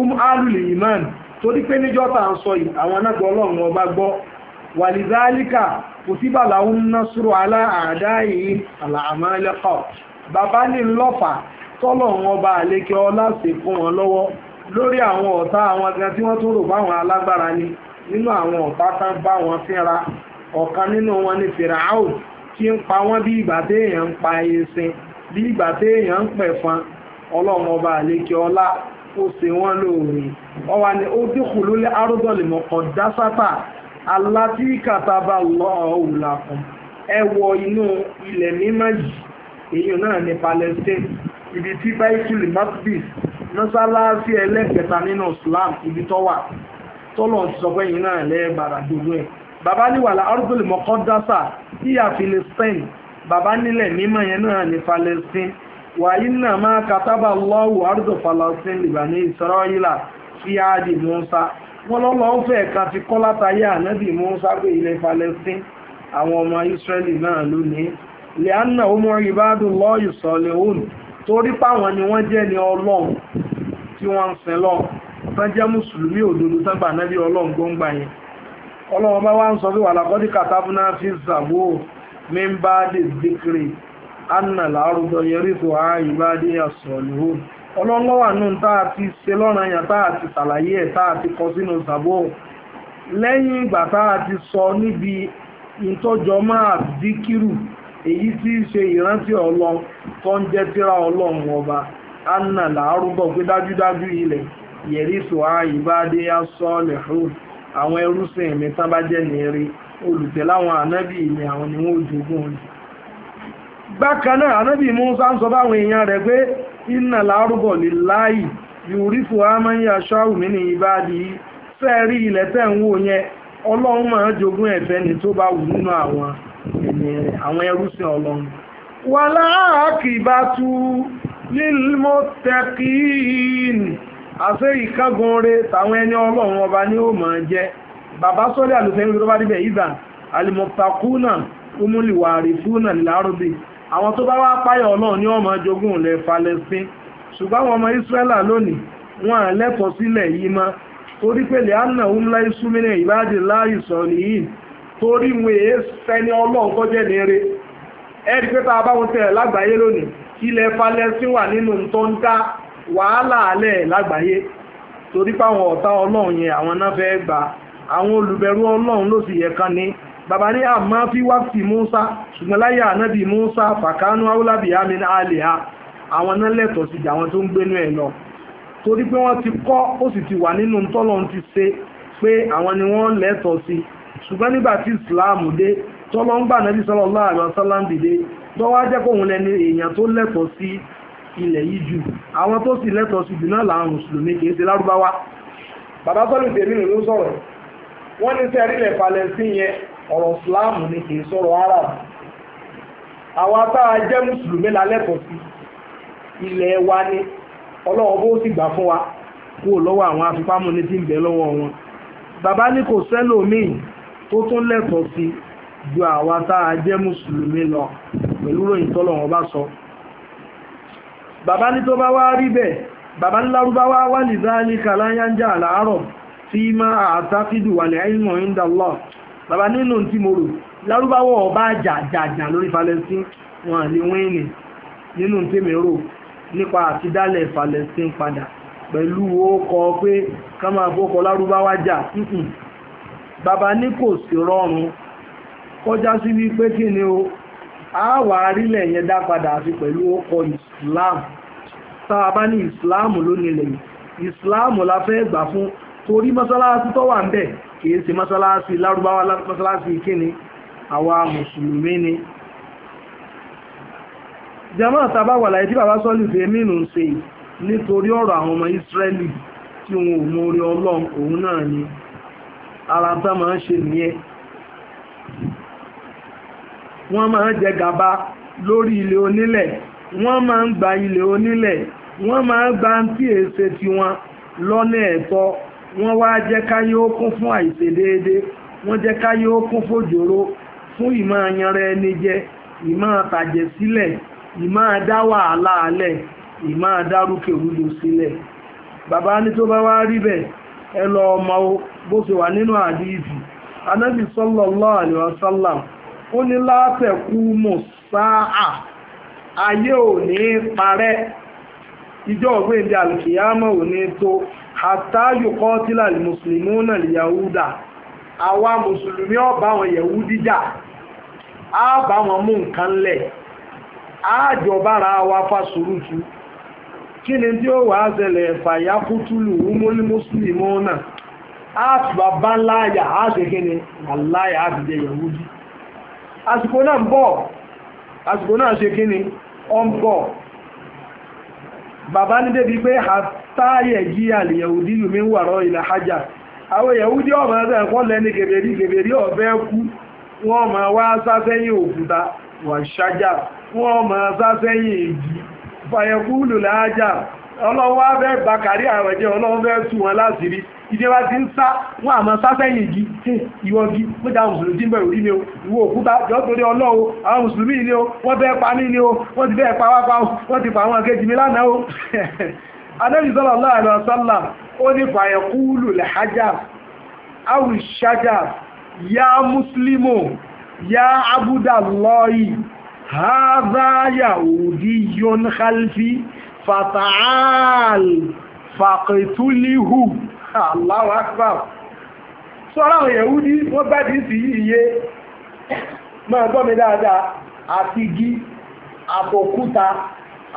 S2: um alùlẹ̀ ìmáàni torí pé níjọ́ tá à ń sọ yìí àwọn anágbọ́ ọlọ́run ọba gbọ́ wàlìdáálíkà kùtìbà làwọn ń ná sùrù aláàdáyé àlàmálẹ́kọ̀ bàbá ní ọba àlékè ọlá ṣe fún wọn lọ́wọ́ lórí àwọn ọ̀tá àwọn gan tí wọ́n tún rò báwọn alágbára ni nínú àwọn ọ̀tá tán bá wọn fínra ọ̀kan nínú wọn ni fìràáù tí ń pa bí ìgbà téèyàn ń pa bí ìgbà téèyàn ń pẹ̀fọn ọlọ́run ó ṣe wọ́n lóore ọwà ni ó dínkù lólé arúgbọ́lì mọ́kọ́ dásátà aláti kàtàbà lọ́ọ̀ọ́ làkùn ẹ wọ inú ilẹ̀ mímọ́ yìí èyí náà ní Palestine ibi tí baitul makdis mọ́sálásí ẹlẹ́kẹta nínú Islam ibi tó wà tọ́lọ̀ ti sọ pé yìí náà lẹ́ẹ̀bàrà dòdò ẹ̀ bàbá ní wàlà arúgbọ́lì mọ́kọ́ dásà tí a Palestine bàbá nílẹ̀ mímọ́ yẹn náà ní Palestine wàyí náà máa katábà lọ́wù arúgbó falasin libani israẹla sí áàdì musa wọn lọ́lọ́ọ́ fẹ́ kan ti kọ́ látàyé ànábì musa pé ilẹ̀ falasin àwọn ọmọ israẹli náà lónìí lẹ́ánà ó mọ lọ́ọ̀yù sọ̀lẹ̀ torí páwọn ni wọ́n jẹ́ ni ọlọ́run tí wọ́n ń sin lọ́ọ̀ tán jẹ́ mùsùlùmí òdodo tán gbà nábì gbọ́ngbà yẹn ọlọ́run bá wá ń sọ pé wàlàkọ́dí kàtàbùnà fi zàbó mímbá dè zikiri anna lárúdọ yẹrí tó a ìbádé àsọ̀lùwò ọlọ́lọ́wà náà tá a ti ṣe lọ́ràn yẹn tá ti ṣàlàyé ẹ̀ ti kọ sínú lẹ́yìn ìgbà ti sọ níbi ìtọ́jọmọ́ àdíkírù èyí tí í ṣe ìrántí ọlọ tó ń jẹ́ tíra ọlọ́run ọba anna làárúbọ̀ pé dájúdájú ilẹ̀ yẹ̀rí ìbáde àwọn ẹrúsìn olùtẹ̀láwọn ànábì àwọn ni wọ́n jogún bákan náà anábì musa ń sọ báwọn èèyàn rẹ̀ pé iná lárúbọ̀ lè láàyè yòrífù amáyà ṣáù mí ní ìbáàdì yìí fẹ́ẹ̀rí ilẹ̀ tẹ̀ ń wò yẹn ọlọ́run máa jogún ẹ̀fẹ́ ni tó bá wù nínú àwọn àwọn ẹrúsìn ọlọ́run wà tú àṣẹ ìkágun re tàwọn ẹni ọlọ́run ọba àwọn tó bá wá páyọ̀ ọlọ́run ni wọ́n máa jogún ilẹ̀ falẹ́sìn ṣùgbọ́n àwọn ọmọ ìsírẹ́là lónìí wọn à lẹ́tọ̀ọ́ sílẹ̀ yìí mọ́ torí pé lẹ́hánà ńlá ìsúmínà ìbáàdì láàyè sọ̀rọ̀ yìí torí wọn èé sẹ́ni ọlọ́run kọ́jẹ́ nire ẹ̀rí pé tá a bá wọn tẹ̀lé lágbàáyé lónìí ilẹ̀ falẹ́sìn wà nínú tó ń dá wàhálà alẹ́ lágbàáyé torí pé àwọn ọ̀tá ọlọ́run yẹn àwọn náà fẹ́ gbà àwọn olùbẹ̀rù ọlọ́run ló sì yẹ kan ní bàbá ní àmọ́ fi wá fi Musa ṣùgbọ́n láyé ànábì Musa fàkánú áwùlábì amin aliha àwọn náà lẹ́tọ̀ọ́ sí àwọn tó ń gbénú ẹ̀ lọ torí pé wọ́n ti kọ́ ó sì ti wà nínú tọ́lọ́ ti ṣe pé àwọn ni wọ́n lẹ́tọ̀ọ́ sí ṣùgbọ́n nígbà tí Islam dé tọ́lọ́ ń gbà nábì sallallahu alaihi wasallam dìde tọ́wọ́ á jẹ́ kóhun lẹni èèyàn tó lẹ́tọ̀ọ́ sí ilẹ̀ yìí jù àwọn tó sì lẹ́tọ̀ọ́ sí jù náà làwọn mùsùlùmí kì í ṣe lárúbáwá bàbá sọ́lù tèmi ló sọ̀rọ̀ wọ́n ní sẹ́rí ilẹ̀ Palestine yẹn ọ̀rọ̀ Islam ni kì sọ́rọ̀ Arab àwa jẹ́ mùsùlùmí sí ilẹ̀ wa ọlọ́wọ́ bó sì gbà fún wa lọ́wọ́ àwọn ní tí ń lọ́wọ́ wọn bàbá ní kò sẹ́lòmíì tó tún lẹ́tọ̀ọ́ sí lọ pẹ̀lú ròyìn bá sọ bàbá ní tó bá wá rí bẹ́ẹ̀ bàbá ní lárúbáwá wà ní àlàárọ̀ tí bàbá nínú tí mo rò lárúbáwọ̀ ọba jàjàjà lórí Palestine wọn lè wíìnì nínú tí mi rò nípa àtidálẹ̀ Palestine padà pẹ̀lú ókọ pé ká máa fókọ lárúbáwá jà bàbá ní kò sí rọrùn kọjá sí wípé kí ni o àwà arílẹ̀ yẹn dá padà àti pẹ̀lú ókọ Islam tá a bá ní Islam lónìí lẹ́yìn Islam la fẹ́ gbà fún torí mọ́sálásí tó wà ń bẹ̀ kìí ṣe mọ́sálásí lárúbáwá mọ́sálásí kíni àwa mùsùlùmí ni jama tabawa láyé tí bàbá sọ́lù fi èmi nù ṣe nítorí ọ̀rọ̀ àwọn ọmọ ìsírẹ́lì tí wọn ò mọ orí ọlọ́run òun náà ni ara tá máa ń ṣe nìyẹn wọ́n máa ń jẹ gàba lórí ilẹ̀ onílẹ̀ wọ́n máa ń gba ilẹ̀ onílẹ̀ wọ́n máa ń gba tí èsè tiwọn lọ́nà ẹ̀tọ́ wọ́n wá jẹ́ káyé ó kún fún àìṣedéédé wọ́n jẹ́ káyé ó kún fòjòrò fún ìmọ̀ yanra ẹni jẹ ìmọ̀ àtàjẹ sílẹ̀ ìmọ̀ dá wàhálà alẹ̀ ìmọ̀ dárúkẹ̀ sílẹ̀ bàbá ní tó bá wá rí bẹ́ẹ̀ ẹ lọ ọmọ o bó ṣe wà nínú ìjọ ọ̀gbìn ìdí àlùkìyàmọ̀ ò ní tó àtàyò kọ́tílà mùsùlùmí náà yahuda àwa mùsùlùmí ó yahudi wọn mú nǹkan lẹ̀ á jọbára wa fa sùúrùtù kí ni tí ó wà á ṣẹlẹ̀ fàyàkútùlù wúmọ́lì mùsùlùmí náà ni àláyà àsìkò náà ń bọ̀ àsìkò náà ṣe bàbá ní débi pé àtàyè jí àlìyàwòdì mi ń wàrọ̀ ilẹ̀ hajà àwọn yahudi ọmọ ẹgbẹ́ ẹ̀kọ́ lẹ́ni gèbèrè gèbèrè ọ̀bẹ kú wọn máa wá sáfẹ́yìn òkúta wà ṣájà wọn máa sáfẹ́yìn èjì fàyẹ̀kú lùlẹ̀ ọlọ́wọ́ àwẹ̀jẹ́ ọlọ́wọ́ wọn ìdíwá ti ń sá wọn àmọ́ sáfẹ́yìn igi tí ìwọ gi mọ́jà mùsùlùmí ti ń bẹ̀rù rí ni o ìwọ òkúta jọ torí ọlọ́wọ́ àwọn mùsùlùmí ni o wọ́n bẹ́ẹ̀ pa mí ni o wọ́n ti bẹ́ẹ̀ pa wá pa wọ́n ti pa àwọn akẹ́jì mi lánàá o anábì sọ́lá ọlọ́ àlọ́ sọ́lá ó ní fàyẹ̀kúlù lẹ́hájà àwùṣájà yá mùsùlùmù yá abúdàlọ́yì hàzá yahudi yón khalfi fataal fàkìtúlíhù Allahu Akbar sọ́ra àwọn Yẹ̀húdí wọ́n bá di sí iye máa gbọ́ mi dáadáa àti gí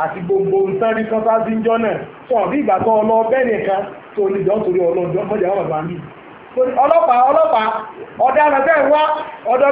S2: àti gbogbo nǹkan rí kan sáájú ìjọ náà sọ bí ìgbà tó ọlọ bẹ́ẹ̀ nìkan tó lè jọ torí ọlọ́dún mi. ọlọ́pàá ọlọ́pàá ọ̀daràn tẹ́ wá ọ̀dọ̀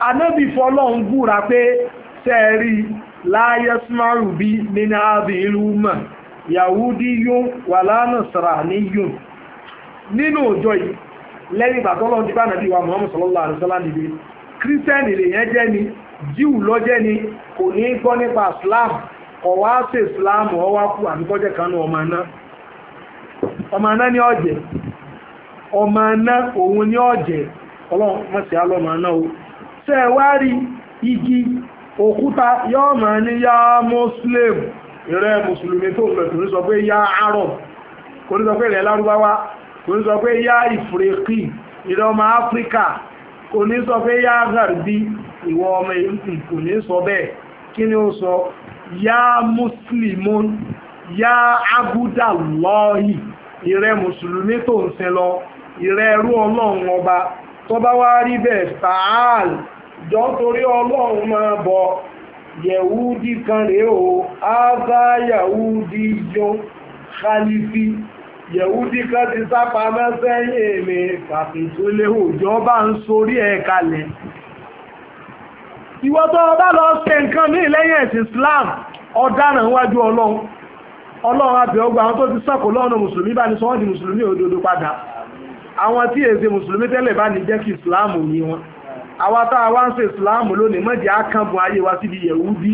S2: anábì fọlọ́run búra pé sẹ́ẹ̀rí láyé smaru bí nínú ààbì ìlú mọ̀ yahudi yún wà lánà sàrà ní yún nínú òjò yìí lẹ́yìn ti bá nàbí wa muhammad sallallahu alaihi jẹ́ ni jíù lọ́jẹ́ ni kò ní gbọ́ nípa islam sí islam kú kan ọmọ aná ọmọ aná ọmọ aná òun ọlọ́run mọ̀ ṣe ẹ wá rí igi òkúta yóò máa ní yá muslim ìrẹ mùsùlùmí tó lọ kò ní sọ pé yá arab kò ní sọ pé ìrẹ lárúbáwá kò ní sọ pé yá ìfúrẹ́kì ìrẹ ọmọ áfíríkà kò ní sọ pé yá gàrbí ìwọ ọmọ ìlú kò ní sọ bẹ́ẹ̀ kí ni ó sọ yá muslimun yá abúdàlọ́hì ìrẹ mùsùlùmí tó ń sin lọ ìrẹ ẹrú ọlọ́run ọba tó bá wá rí bẹ́ẹ̀ fàáàlì jọ torí ọlọ́run máa bọ̀ yẹ̀wúdí kan rèé o ábá yẹ̀wúdí yọ khalifi yẹ̀wúdí kan ti sápa mẹ́sẹ́yìn èmi fàfitó léhò jọba ń sorí ẹ̀ kalẹ̀ ìwọ tó bá lọ ṣe nǹkan ní lẹ́yìn ẹ̀sìn Islam ọ̀daràn wájú ọlọ́run ọlọ́run àbẹ̀ ọgbà àwọn tó ti sọ̀kò lọ́nà mùsùlùmí bá ní sọ́wọ́n di mùsùlùmí òdodo padà àwọn tí èsè mùsùlùmí tẹ́lẹ̀ bá ní jẹ́ kí Islam yí wọn awata tá a wá ń ìsìláàmù lónìí mọ́jì ákàndùn ayé wa síbi yẹ̀wúdí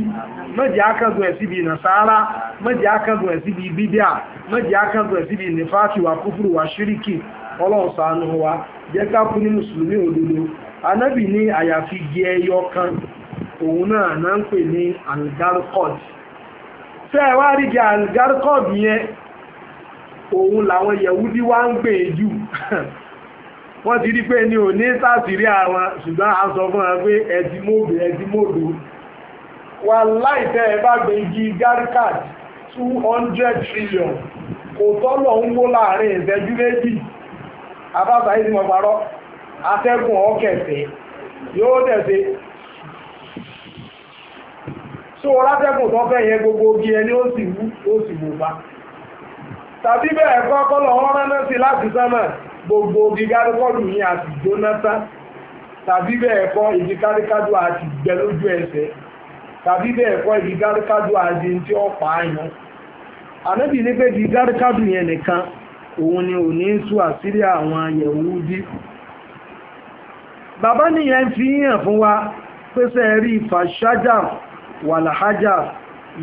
S2: mọ́jì ákàndùn ẹ̀ síbi nàṣàrà mọ́jì ákàndùn ẹ̀ síbi bídíà mọ́jì ákàndùn ẹ̀ síbi nífàtì wà kúfúrú wà ṣíríkì ọlọ́run wa jẹ́ oun ní mùsùlùmí òdodo anábì ní àyàfi ẹyọ làwọn yẹ̀wúdí ń wọ́n ti rí pé ní ò ní sàtìrí àwọn ṣùgbọ́n a sọ fún wọn pé ẹ̀dí mòdò ẹ̀dí mòdò wà láìpẹ́ ẹ igi garcard two hundred trillion kò tọ́lọ̀ ń wó láàrin ìṣẹ́jú méjì abáta yìí ti mọ̀ parọ́ atẹ́gùn ọ̀kẹ̀fẹ́ yóò tẹ̀sẹ̀ so látẹ́gùn tó fẹ́ yẹn gbogbo ogi ẹni ó sì wú ó sì wò bá tàbí bẹ́ẹ̀ kọ́ kọ́ lọ́wọ́ rẹ́ná sí láti sánmà gbogbo gigarikadu kárìkọ́dù yìí àti jónátà tàbí bẹ́ẹ̀ kọ́ igi kárìkádù àti gbẹ ẹsẹ̀ tàbí bẹ́ẹ̀ kọ́ igi àti pa àyàn ànábì ní pé gigarikadu yẹn nìkan òun ni òní ń tú àṣírí àwọn àyẹ̀wò bàbá wa pèsè rí fàṣájà wàlàhájà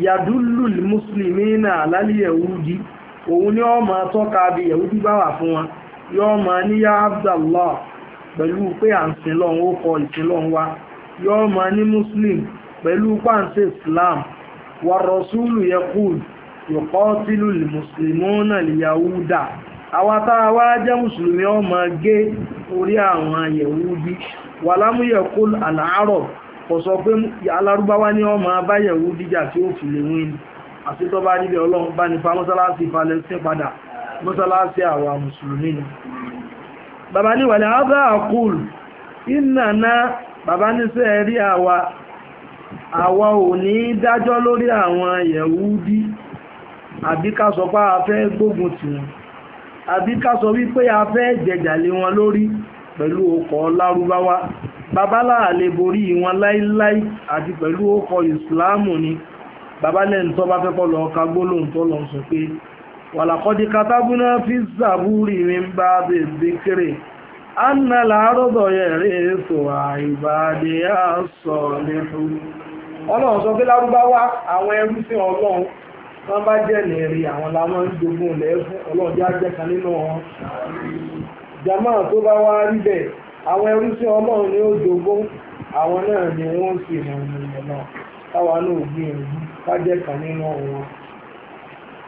S2: yàdúlù mùsùlùmí náà lálẹ́ yẹ̀wò òun ni tọ́ka bí yẹ̀wò bá wà wa. yóò máa ní yá Abdallah pẹ̀lú pé à ń sin lọ́hún ó kọ ìsin lọ́hún wa yóò máa ní muslim pẹ̀lú pàǹsẹ̀ islam wà rọ̀ṣúlù yaqul yuqatilu al-muslimuna al-yahuda àwa tá a wá jẹ́ mùsùlùmí ó máa gé orí àwọn yẹ̀wúdí wà lámú yaqul al-arab kò sọ pé alárúbáwá ni ó máa bá yẹ̀wúdí jà tí ó fi lè wí àti tó bá níbi ọlọ́run bá ní fa mọ́sálásí padà mọ́sálásí àwa mùsùlùmí ni bàbá ní wàlẹ̀ ọ́gá àkùl ìnànà bàbá níṣẹ́ rí àwa àwa ò ní dájọ́ lórí àwọn yẹ̀wúdí àbí ká sọ pé a fẹ́ gbógun tì wọ́n àbí ká sọ wípé a fẹ́ jẹjàlé wọn lórí pẹ̀lú ọkọ̀ lárúbáwá babaláà lè borí wọn láíláí àti pẹ̀lú ọkọ̀ ìsìláàmù ni babalẹ́ni tó bá fẹ́ kọ́ lọ ka gbólóhùn tó lọ sọ pé wàlàkọ́dí katábúná fi zàbúrì min bá bè díkìrì anna làárọ̀dọ̀ yẹ̀rẹ̀ ètò àìbàdí àṣọ nínú ọlọ́run sọ pé lárúbáwá àwọn ẹrú sí ọlọ́run wọ́n bá jẹ́ nìrí àwọn làwọn ń jogún lẹ́ fún ọlọ́run jẹ́ ajẹ́kan nínú wọn jama tó bá wá rí bẹ́ẹ̀ àwọn ẹrú sí ọlọ́run ni ó jogún àwọn náà ni wọ́n sì rìn ìrìn náà táwa náà gbìyànjú kájẹ́kan nínú wọn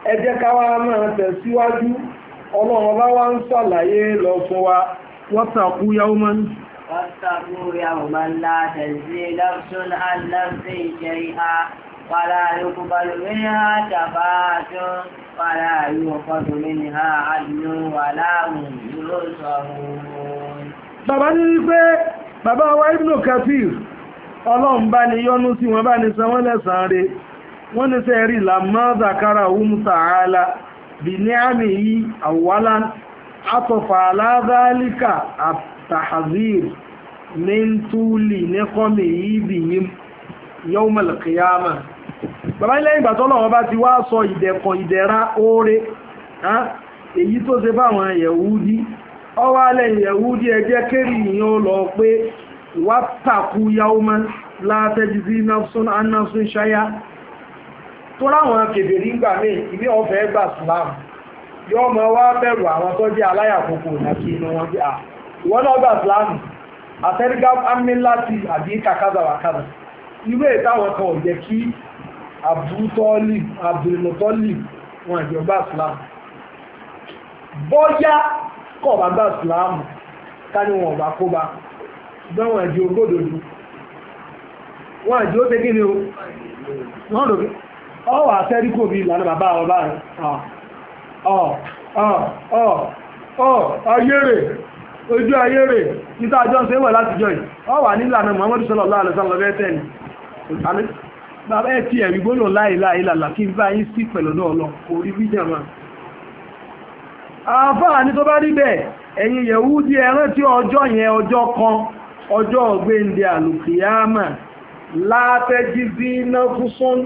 S2: ẹ jẹ́ ká wá máa tẹ̀síwájú ọlọ́run bá wá ń ṣàlàyé lọ fún wa wọ́n tàkú yáwó máa ń.
S1: wọ́n tàkú yáwó máa ń la tẹ̀sí lọ́sùn àlọ́sẹ̀ ìjẹ́rì ha wàrà yòókù balùwẹ̀ ha jàbá àjọ wàrà yòókù balùwẹ̀ ha àdùnnú wàrà òun yóò sọ òun.
S2: bàbá ní wípé bàbá wa Ibnu kafir. ọlọ́run bá ní yọ́nú sí wọn bá ní sanwó lẹ́sàn-án rẹ̀. wọ́n ní sẹ́ rí lamọ́dà kára ohun sàálà bí ní àmì yìí àwọ́lá àtọ̀fà aláàdálíkà àtàhàzír ní túlì ní kọ́mì yìí bì yìí yóò mọ̀lẹ̀kìyàmà bàbá ilẹ̀ ti wá sọ ìdẹ̀kan ìdẹ̀ra oore èyí tó ṣe fáwọn yẹ̀wúdí ọwọ́ alẹ́ yẹ̀wúdí ẹjẹ́ kéré ìyẹn ó lọ pé wàtàkù yawman na sí náfsún tó láwọn kèbèrè ń gbà ìmí ọ̀fẹ́ gbà sùlámù mọ wá bẹ̀rù àwọn tó jẹ́ aláyàkókò nàkí inú wọn bí à ìwọ náà gbà àbí kan ò jẹ́ kí àbútọ́lì àbùrìmọ̀tọ́lì wọn àjọ bọ́yá kọ̀ bá gbà wọn kó bá wọn o ọ wà sẹ́rí kò bí ìlànà bàbá àwọn bá rẹ̀ ọ̀ ọ̀ ọ̀ ọ̀ ayére ojú ayére títà àjọ ń sẹ́wọ̀ láti jọ yìí ọ wà ní ìlànà Muhammadu sallallahu alaihi wasallam bẹ́ẹ̀ tẹ́lẹ̀ bàbá ẹ̀ ti ẹ̀rí gbóná láìláì lálà kí n bá yín sí pẹ̀lú náà lọ kò rí bí jàmá àfáà ní tó bá rí bẹ́ẹ̀ ẹ̀yin yẹ̀wú di ẹran tí ọjọ́ yẹn ọjọ́ kan ọjọ́ ọ̀gbẹ́ndẹ̀ àlùkìyàmà látẹ́jì bí náfúsán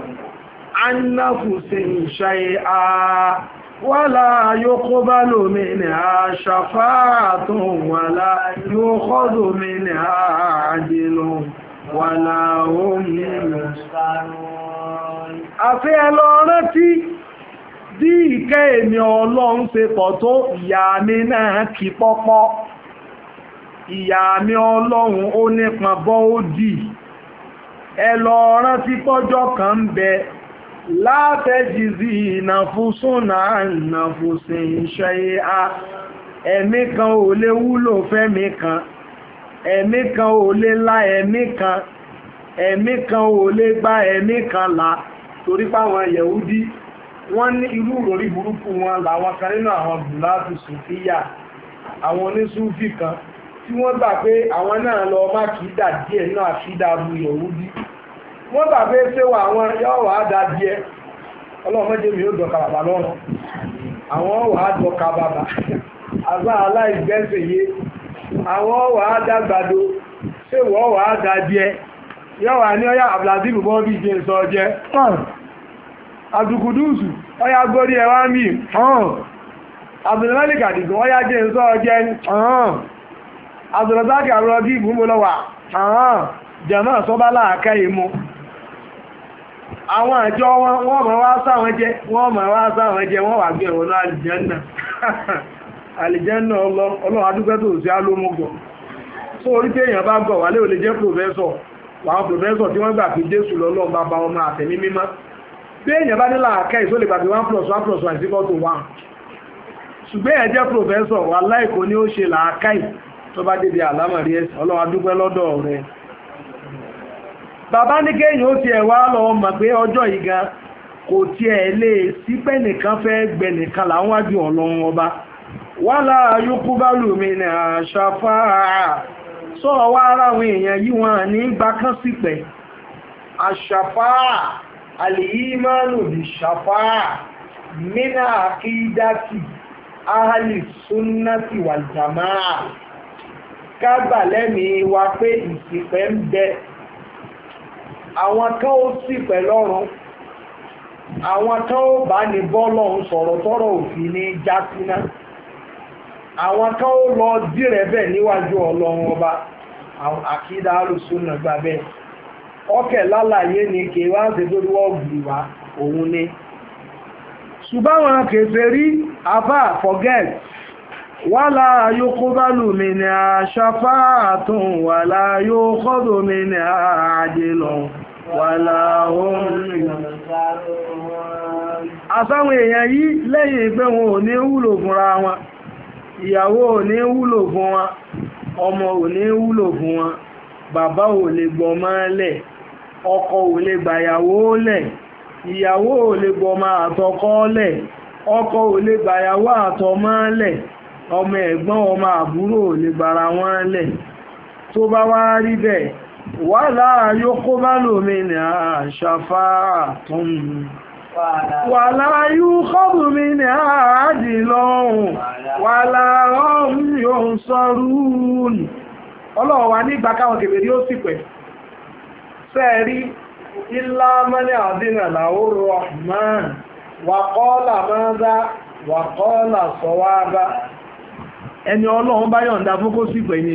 S2: annafusin ṣayá wàlá yóò kó bá lómi ní àṣàfà tó wàlá yóò kọ́ lómi ní àdìlò wàlá omi àfi ẹlọ rántí bí ìkẹ́ èmi ọlọ́run ṣe pọ̀ tó ìyá mi náà kí pọ́pọ́ ìyá mi ọlọ́run ó nípa bọ́ ó dì ẹ lọ pọ́jọ́ kan ń bẹ látẹ̀jìzì ìnàfúsùnà ìnàfúsìn ìṣẹ́yẹ a ẹ̀mí kan ò lè wúlò fẹ́mi kan ẹ̀mí kan ò lè la ẹ̀mí kan ẹ̀mí kan ò lè gba ẹ̀mí kan la torí páwọn yẹ̀wúdí wọ́n ní irú ìròrí burúkú wọn làwọn kan nínú àwọn sùfíyà kan tí wọ́n gbà pé àwọn náà má kìí dà díẹ̀ náà wọ́n bà fẹ́ ṣe wà àwọn yọ́ wà á da díẹ̀ ọlọ́mọdé mi ó dọ̀ka bàbá lọ́rùn àwọn wà á dọ̀ka bàbá àbá aláìgbẹ́sẹ̀ yé àwọn wà á da gbàdo ṣé wọ́n wà á da díẹ̀ yọ́ wà ní ọyá abdulazib bọ́ọ̀bì ṣe ń sọ jẹ́ àdùkùdùsù ọyá gbórí ẹ wá mí abdulmalik àdìgún ọyá jẹ́ ń sọ jẹ́ abdulrazak àrùn ọdí ìbúmọ́lọ́wà jama sọ́bálà àkẹ́ ìmú àwọn àjọ wọn wọ́n mọ̀ wá sáwọn jẹ wọ́n mọ̀ wá sáwọn jẹ wọ́n wà gbé ọ̀nà àlìjẹ́nà àlìjẹ́nà ọlọ́run adúgbẹ́ tó sí alómọ́gọ̀ tó orí tí èèyàn bá gọ̀ wà lé ò lè jẹ́ pòfẹ́sọ̀ wàá pòfẹ́sọ̀ tí wọ́n gbà pé jésù lọ́lọ́run bàbá ọmọ àtẹ̀mí mímọ́ bí èèyàn bá ní làákẹ́ ìsó lè gbàgbé one plus one plus one sí kọ́tò one ṣùgbọ́n èèyàn jẹ́ pòfẹ́sọ̀ wà láìkò ní ó ṣe làákẹ́ tó bá débi àlámọ̀rí ẹ̀sìn ọlọ́run adúgbẹ́ lọ́dọ̀ rẹ̀ bàbá ní kéèyàn ó tiẹ̀ wá lọ mọ̀ pé ọjọ́ yìí gan kò tiẹ̀ lè sí pé nìkan fẹ́ gbẹ nìkan làwọn wájú ọlọ́run ọba wàhálà yókù bá lù mí ní àṣàfà sọ̀rọ̀ wá ara èèyàn yìí wọn ní gbà kán àṣàfà àlèyímánù bí ṣàfà mínà àkídátì ahali sunnati wal jamaa ká gbà lẹ́mìí wa ń bẹ àwọn kan ó sì pẹ̀lọ́run àwọn kan ó bá ní bọ́lọ́run sọ̀rọ̀ tọ́rọ̀ òfin ní jásínà àwọn kan ó lọ dìrẹ̀ bẹ́ẹ̀ níwájú ọlọ́run ọba àkídá alùsùnà gbà bẹ́ẹ̀ ọkẹ̀ lálàyé ni kì í wá ń ṣe tó ní wọ́n gbì wá òun ni ṣùgbọ́n àwọn kèfèé rí àbá forget wala yuqbalu minha shafa'atun wala yukhadhu minha adilun wàláhùn àsáwọn èèyàn yìí lẹ́yìn pé wọn ò ní wúlò fúnra wọn ìyàwó ò ní wúlò fún wọn ọmọ ò ní wúlò fún wọn bàbá ò lè gbọmọ lẹ̀ ọkọ ò lè gbàyàwó lẹ̀ ìyàwó ò lè gbọmọ àtọkọ lẹ̀ ọkọ ò lè gbàyàwó àtọmọ lẹ̀ ọmọ ẹ̀gbọ́n ọmọ àbúrò ò lè gbàra wọn lẹ̀ tó bá wá rí bẹ́ẹ̀ wàlá yókóbálò mi ní àṣàfà àtún wàlá yókóbù mi ní àádì lọ́hùn wàlá ọ̀hún yóò sọ́rún ọlọ́wọ́ wa nígbà káwọn kèbèrè ó sì pẹ̀ sẹ́ẹ̀rí ilá mẹ́lẹ̀ àdínà làwòrò ọ̀hún wàkọ́ọ́là mọ́dá wàkọ́ọ́là sọ́wọ́ ẹni ọlọ́run bá yọ̀ǹda fún kó sì pẹ̀ ni.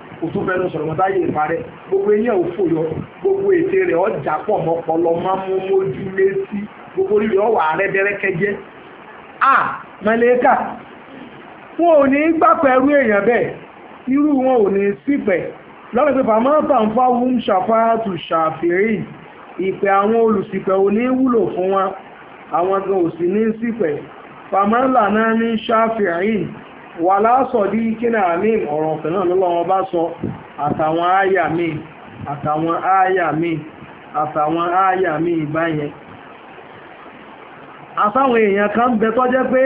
S2: òtún fẹnu sọ̀rọ̀ mọ́tá yìí parẹ́ gbogbo eyín ò fò yọ gbogbo ètè rẹ̀ ọjà pọ̀ mọ́pọlọ máa mú mójú létí gbogbo orí rẹ̀ ọwà rẹ̀ dẹ́rẹ́kẹ́jẹ́ à mẹ́lẹ́kà wọn ò ní gbà pẹ̀lú èèyàn bẹ́ẹ̀ irú wọn ò ní sípẹ̀ lọ́rọ̀ pé fàmọ́tà ń fá wúm ṣàfáàtù ṣàfihì ìpè àwọn olùsìpẹ̀ ò ní wúlò fún wọn àwọn gan ò sì ní sípẹ̀ fàmọ́tà náà ní ṣàfihì wà lásọ̀ dí kíná àmìm ọ̀rọ̀ ọ̀fẹ́ náà lọ́lọ́wọ́ bá sọ àtàwọn ááyà mi àtàwọn ááyà mi àtàwọn ááyà mi ìbáyẹn àtàwọn èèyàn kan ń bẹ jẹ́ pé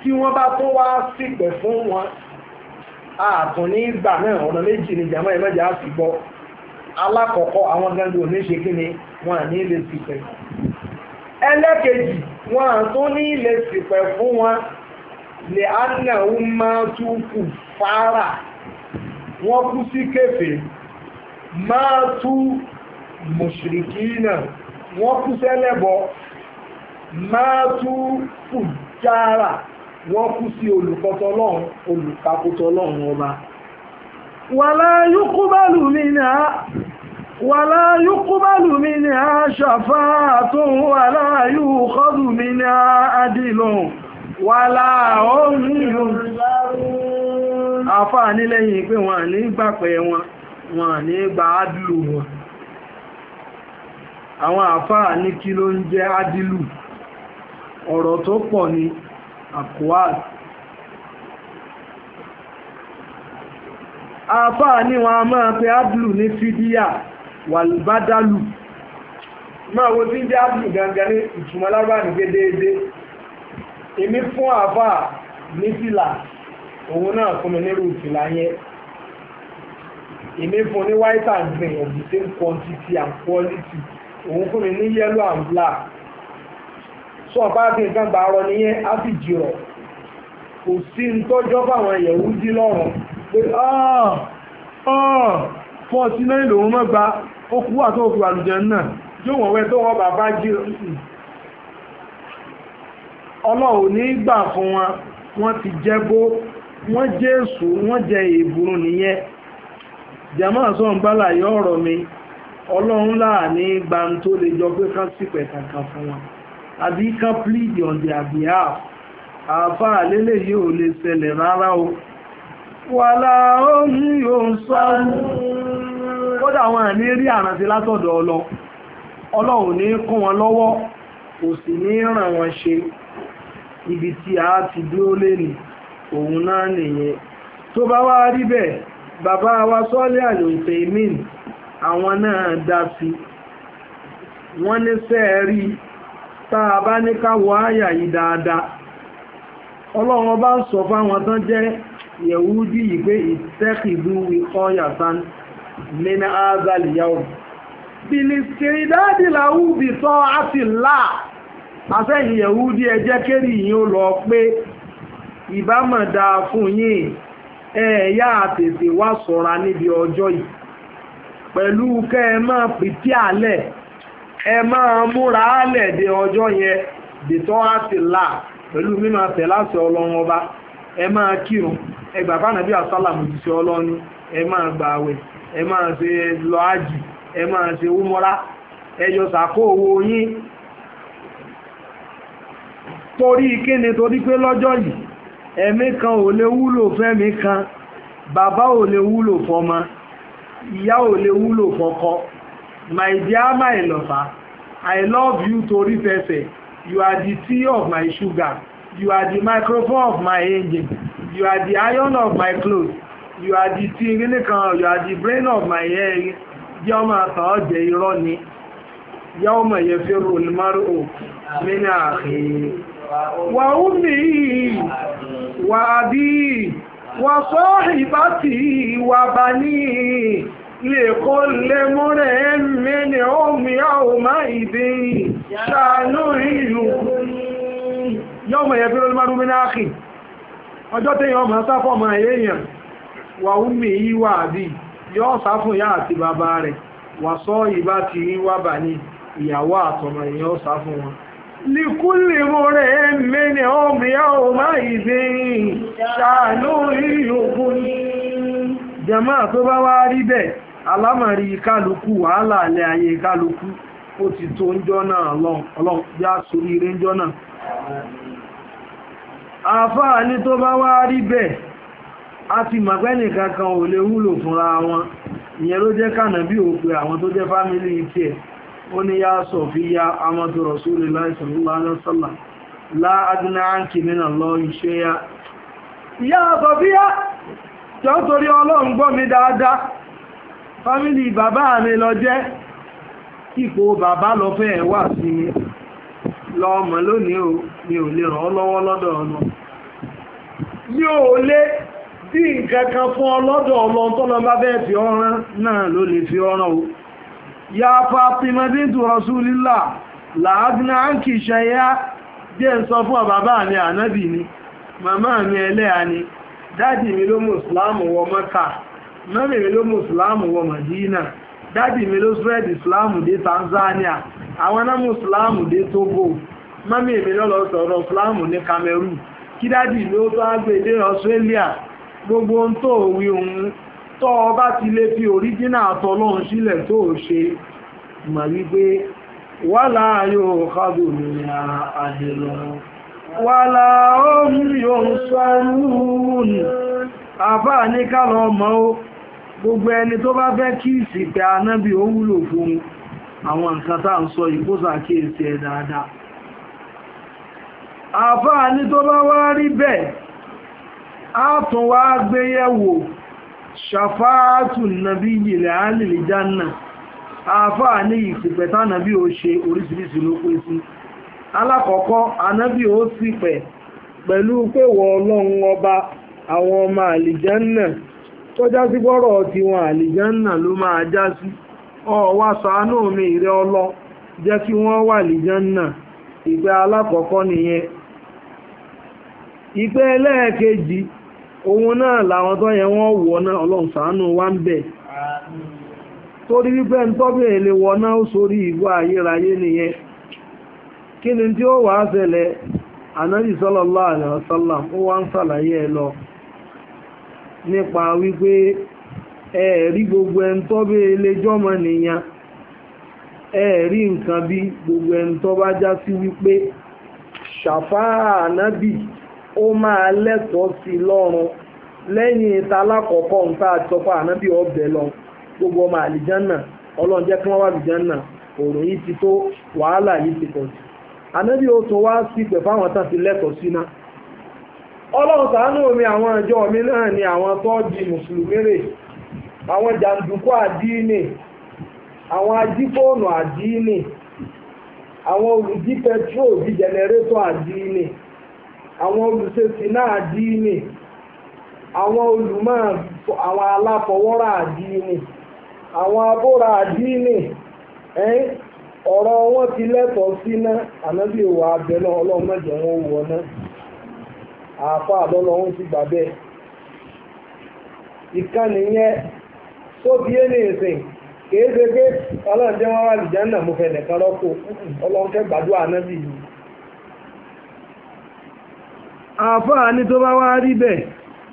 S2: tí wọ́n bá tó wá sípẹ̀ fún wọn ààtùn ní ìgbà náà ọ̀nà méjì ni jàmọ́ ìmẹ́jà á sì gbọ́ alákọ̀ọ́kọ́ ni wọ́n à ní ilé sípẹ̀ ẹlẹ́kejì à tó lè ánà ń máa tún kù fara wọ́n kú sí kẹfẹ́ máa tún mùsùlùkì náà wọ́n kú sẹ́lẹ̀bọ máa tún kù jára wọ́n kú sí olùkọ́tọ́ lọ́run olùkàkótọ́ lọ́run ọba. wàlá yóò kú bá lù mí náà wàlá yúkúbálù mi ní a ṣàfáà tó yúkọ́dù mi ní a adìlọ́hùn wàhálà
S1: òun
S2: àfáà ní lẹ́yìn pé wọ́n ní gbà wọn wọ́n ní gbà ádìlù wọn àwọn àfáà ní kí ló ń jẹ́ ádìlù ọ̀rọ̀ tó pọ̀ ní àkùwàl àfáà ní wọn a máa pe ádìlù ní fídíà wàlúbádàlù máa wo tí ń jẹ́ ádìlù gangan ní èmi fún àfà ní fìlà òun náà fún mi nírú fìlà yẹn èmi fún ní white and green of the same quantity and quality òun fún mi ní yellow and black sọ ọ̀pá àti nǹkan gbàrọ nìyẹn á sì jìrọ̀ kò sí ń tọ́jọ́ fáwọn ẹ̀yẹ̀wò dí lọ́rùn pé ah, ah, fọ́ọ̀tí náà lòun mọ́ gba okùn wà tó fi wà lùjẹ́ náà yóò wọ̀n tó wọ́n bàbá jìrọ̀ ọlọ́run ní gbà fún wọn wọ́n ti jẹ́bó wọ́n jésù wọ́n jẹ ìbùrún nìyẹn jama sọ ń bá láyé ọ̀rọ̀ mi ọlọ́run láàní tó lè jọ pé ká sì kan fún wọn àbí ká plead on rárá o kódà látọ̀dọ̀ ọlọ ibi tí a ti dúró lẹ́nu òun náà nìyẹn tó bá wá rí bẹ́ẹ̀ bàbá wa sọ́lé àlòǹtẹ̀ imin àwọn náà dá sí wọ́n ní sẹ́ẹ̀rí tá a bá ní wọ àyà yìí dáadáa ọlọ́run bá ń sọ fáwọn tán jẹ́ yẹ̀wúdí yìí pé ìtẹ́kìdú ikọ́ àsẹ́yìn yẹ̀wúdí ẹ jẹ́ kéré yìí ó lọ pé ìbámọ̀dá dáa yìí yín ẹ̀ẹ́yà tètè wá sọ̀ra níbi ọjọ́ yìí pẹ̀lú kẹ́ ẹ máa pìtì àlẹ̀ ẹ máa múra ọjọ́ yẹn dètọ́ àti ọba ẹ máa kírun ẹ gbà àsálàmù ti ṣe ọlọ́ni ẹ máa gbà àwẹ̀ ẹ máa ṣe torí kíni torí pé lọ́jọ́ yìí ẹ̀mí kan ò lè wúlò fẹ́mi kan bàbá ò lè wúlò fọmọ ìyá ò lè wúlò fọkọ my dear my lover i love you torí fẹsẹ̀ you are the tea of my sugar you are the microphone of my engine you are the iron of my clothes you are the tea nìkan you are the brain of my hair jẹ́ ọmọ àtàn ọ̀jẹ̀ irọ́ ni yàwó mọ̀ yẹ fẹ́ rò márùn-ún mí ní àkèé wà úmì wà bí wà sọ́hìbátì wà bá ní lè kó lè múrẹ̀ mẹ́lẹ̀ omi àwòmá ìdí ṣàánú ìlú yọ́mọ̀ ẹ̀fẹ́ olómarú mínáàkì ọjọ́ tẹ́yìn ọmọ sáfọ́ ọmọ èèyàn wà úmì yí wà bí yọ́ sáfún ìyá àti bàbá rẹ̀ wà sọ́ ìbá ti wà bà ní ìyàwó àtọmọ èèyàn sáfún wọn likuli múre mẹ́ni ọmọ ya ọmọ ìdè ṣàánú ìyókù ní jẹmọ́ tó bá wá rí ti tó ń jọ náà ọlọ́run yá sórí ilé ń jọ náà àfáà ní tó bá wá rí a ti màgbẹ́nì kankan ò lè wúlò fúnra wọn ìyẹn ló jẹ́ kànáà bí òpè àwọn tó jẹ́ fámílì tiẹ̀ ó ní yá ya amadu rasulillahi sallallahu alaihi wasallam láàdínà áńkì la adịla iṣẹ́ yá ìyá sọ̀fíyá jọ torí ọlọ́run gbọ́ mi dáadáa fámílì bàbá mi lọ jẹ́ bàbá mi lọ́mọ lónìí o mi ò lè ràn ọ́ mi ò lè dín nǹkan kan fún ọ o. ya Fatima bintu Rasulillah làágùnà áńkì ṣayá díẹ̀ ń sọ ni màmá mi ni dáàdì mi ló mùsùlámù wọ Mẹ́kà mọ́mì mi ló mùsùlámù wọ Màdínà dáàdì mi ló spread Islam dé Tanzania àwọn náà Islam dé Togo mọ́mì mi Islam Cameroon tọ́ ọ bá ti lè fi òríjínà àtọ́lọ́run sílẹ̀ tó o ṣe mà wípé wà láàáyò kádò ní àdèrò wà láàáhùn yóò sọ́rún àbá ní kálọ̀ ọmọ ó gbogbo ẹni tó bá fẹ́ kí ìsìnkẹ́ anábì ó wúlò fún àwọn nǹkan tá à ń sọ ìkóṣà kíyèsí ẹ dáadáa àbá ní tó bá wá rí bẹ́ẹ̀ á tún wá gbéyẹ̀wò ṣàfáàtù nàbí yìlẹ̀ alìlìjánà àfáà ní ìsìpẹ̀ tánàbí o ṣe oríṣiríṣi ló pé sí alákọ̀ọ́kọ́ anábì o ṣìpẹ̀ pẹ̀lú péwọ̀ ọlọ́run ọba àwọn ọmọ àlìjánà tó já sí gbọ́rọ̀ tiwọn àlìjánà ló máa já sí ọ̀wá ṣàánú mi ìrẹ́ ọlọ́ jẹ́ kí wọ́n wà àlìjánà alákọ̀ọ́kọ́ nìyẹn ẹlẹ́ẹ̀kejì òun náà làwọn tó yẹ wọ́n wọ̀ náà ọlọ́run ń bẹ̀ torí wípé ń tọ́bìnrin lè wọ náà ó sórí ìwọ ayérayé nìyẹn kí ni tí ó wà á ṣẹlẹ̀ ànábì sallallahu alaihi ó wá ń gbogbo ẹ̀ẹ̀rí gbogbo já sí ó máa lẹ́tọ̀ọ́ sí lọ́rùn lẹ́yìn ìta alákọ̀ọ́kọ́ ń tá a sọ pé ànábì ọbẹ̀ lọ gbogbo ọmọ àlìjánà ọlọ́run jẹ́ kí wọ́n wà àlìjánà òòrùn yìí ti tó wàhálà yìí ti pọ̀ jù ànábì ó tún wá sí pẹ̀ fáwọn tán ti lẹ́tọ̀ọ́ sí náà ọlọ́run ṣàánú mi àwọn ìjọ mi náà ni àwọn tó di mùsùlùmí rè àwọn jàǹdùkú àdínì àwọn ajífóònù àdínì àwọn olùdí pẹtrol bíi jẹnẹrétọ̀ àdínì àwọn olùṣèṣì náà díìnì àwọn àwọn aláfọwọ́rà àdíìnì àwọn abóra àdíìnì ẹ́n ọ̀rọ̀ wọn ti lẹ́tọ̀ọ́ síná ànábì ìwà abẹ náà ọlọ́run mẹ́jọ wọn wọ náà ti gbà bẹ́ẹ̀ ìkànnì yẹn sóbi ìsìn ṣe pé ọlọ́run jẹ́ wọn wà lìjánà mo nìkan rọ́pò náà yìí. àfáà ní tó bá wá rí bẹ́ẹ̀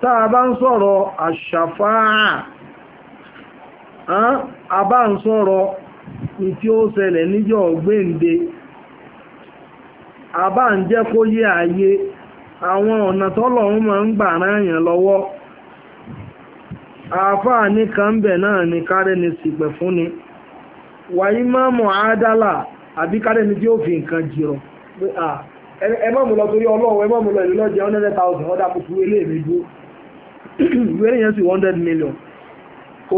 S2: tá a bá ń sọ̀rọ̀ àṣàfáà a ń sọ̀rọ̀ ní tí ó ṣẹlẹ̀ níjọ́ gbéǹde a ń jẹ́ kó yé ayé àwọn ọ̀nà tọ́lọ́run máa ń gbà ráyàn lọ́wọ́ ní kàńbẹ̀ ni ni sìpẹ̀ wàyí máàmù àádálà àbí ni tí ó fi nǹkan jìrọ̀ ẹ lọ torí ọlọ́wọ́ ẹ lọ ìlú lọ́jẹ́ one hundred thousand ilé mi dúró ìwé yẹn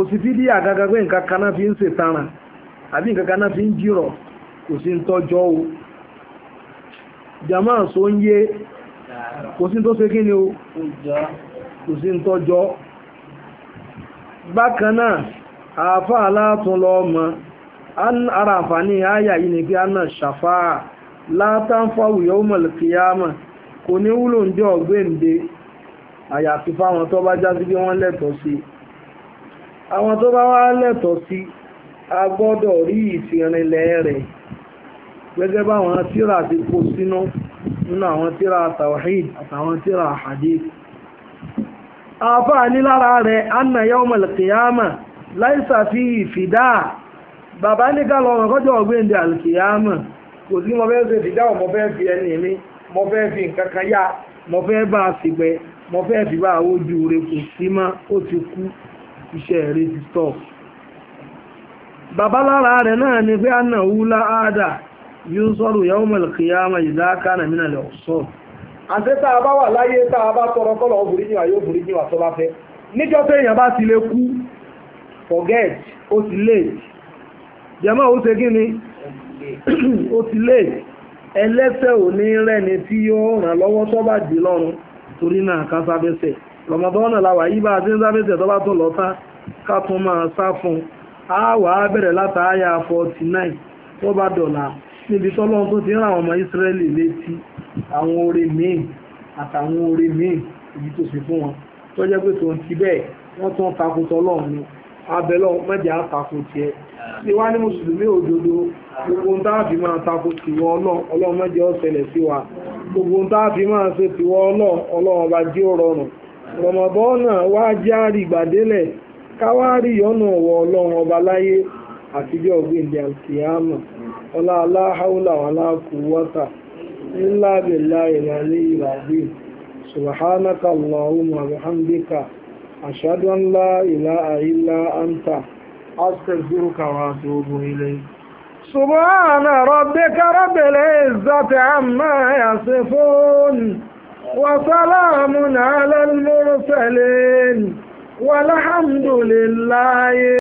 S2: sì fi ń ṣètara àbí nǹkan kan náà fi ń jírọ̀ kò sí ń tọ́jọ́ o jama so ń yé kò sí ń tó ṣe ni o kò sí ń tọ́jọ́ bákan náà àáfàá látún ara àǹfààní àyà yìí ni pé a náà látàǹfààwù yawmal qiyamah kò ní wúlò ń jẹ́ ọ̀gbẹ́ǹde àyàfi fáwọn tó bá wọ́n lẹ́tọ̀ọ́ sí àwọn tó bá wá lẹ́tọ̀ọ́ sí a gbọ́dọ̀ rí ìfìrìnlẹ̀ rẹ̀ gẹ́gẹ́ báwọn tíra ti kó sínú nínú àwọn tíra tawhid àtàwọn tíra àhàdé. àfáà ní lára rẹ̀ anna yawmal qiyamah láìsàfihì fìdá bàbá ní ká ọ̀gbẹ́ǹde kò sí mo fẹ́ ṣe ìdáhùn mo fẹ́ fi ẹni mi mo fẹ́ fi nǹkan kan yá mo fẹ́ bá a sì pẹ́ mo fẹ́ fi bá àwọn ojú rẹ kò sí mọ́ ó ti kú iṣẹ́ rẹ ti stop. babalára rẹ̀ náà ni pé àna wúlá áádà yóò sọ̀rọ̀ yàwó mẹ́lẹ̀kìyàmà ìdáká nà mínà lẹ̀ ọ̀sọ́. àti tá a bá wà láyé tá a bá tọrọ kọ́lọ̀ ni níwà yóò bùrí níwà tó bá fẹ́. níjọ́ tó èèyàn bá ti lè kú forget ó ti late jẹ́mọ́ ó ṣe kí ni ó ti lé ẹlẹ́sẹ̀ ò ní rẹ́ni tí yóò ràn lọ́wọ́ tó bá dì lọ́rùn torí náà ká sáfẹ́sẹ̀ rọmọdọ́nà làwà yí bá a ti ń sáfẹ́sẹ̀ tó bá tó lọ tán ká tún máa sá fún un á wà bẹ̀rẹ̀ látàáyà forty nine tó bá dọ̀là níbi tọ́lọ́run tó ti ń ra àwọn ọmọ Ísírẹ́lì létí àwọn oore míì àtàwọn oore míì èyí tó ṣe fún wọn tó jẹ́ pé tòun ti bẹ́ẹ̀ wọ́n tún takùtọ̀ lọ́run ni abẹ́lọ́ mẹ́jẹ̀ á takùtì tí wá ní mùsùlùmí òdodo gbogbo ń táàfì máa tako tìwọ ọlọ́run mẹ́jẹ ọ̀sẹ̀lẹ̀ sí wa gbogbo ń táàfì máa ṣe tìwọ ọlọ́run ọba jí ó rọrùn rọmọbọ́ọ̀nà wá jáàrí ìgbàdélẹ̀ káwárí yọ̀nà ọ̀wọ̀ ọlọ́run ọba láyé ọlá aláhàúlà ńlá bẹ̀lá ìrànlẹ́ أستغفرك وأتوب إليك سبحان ربك رب العزة عما يصفون وسلام على المرسلين والحمد لله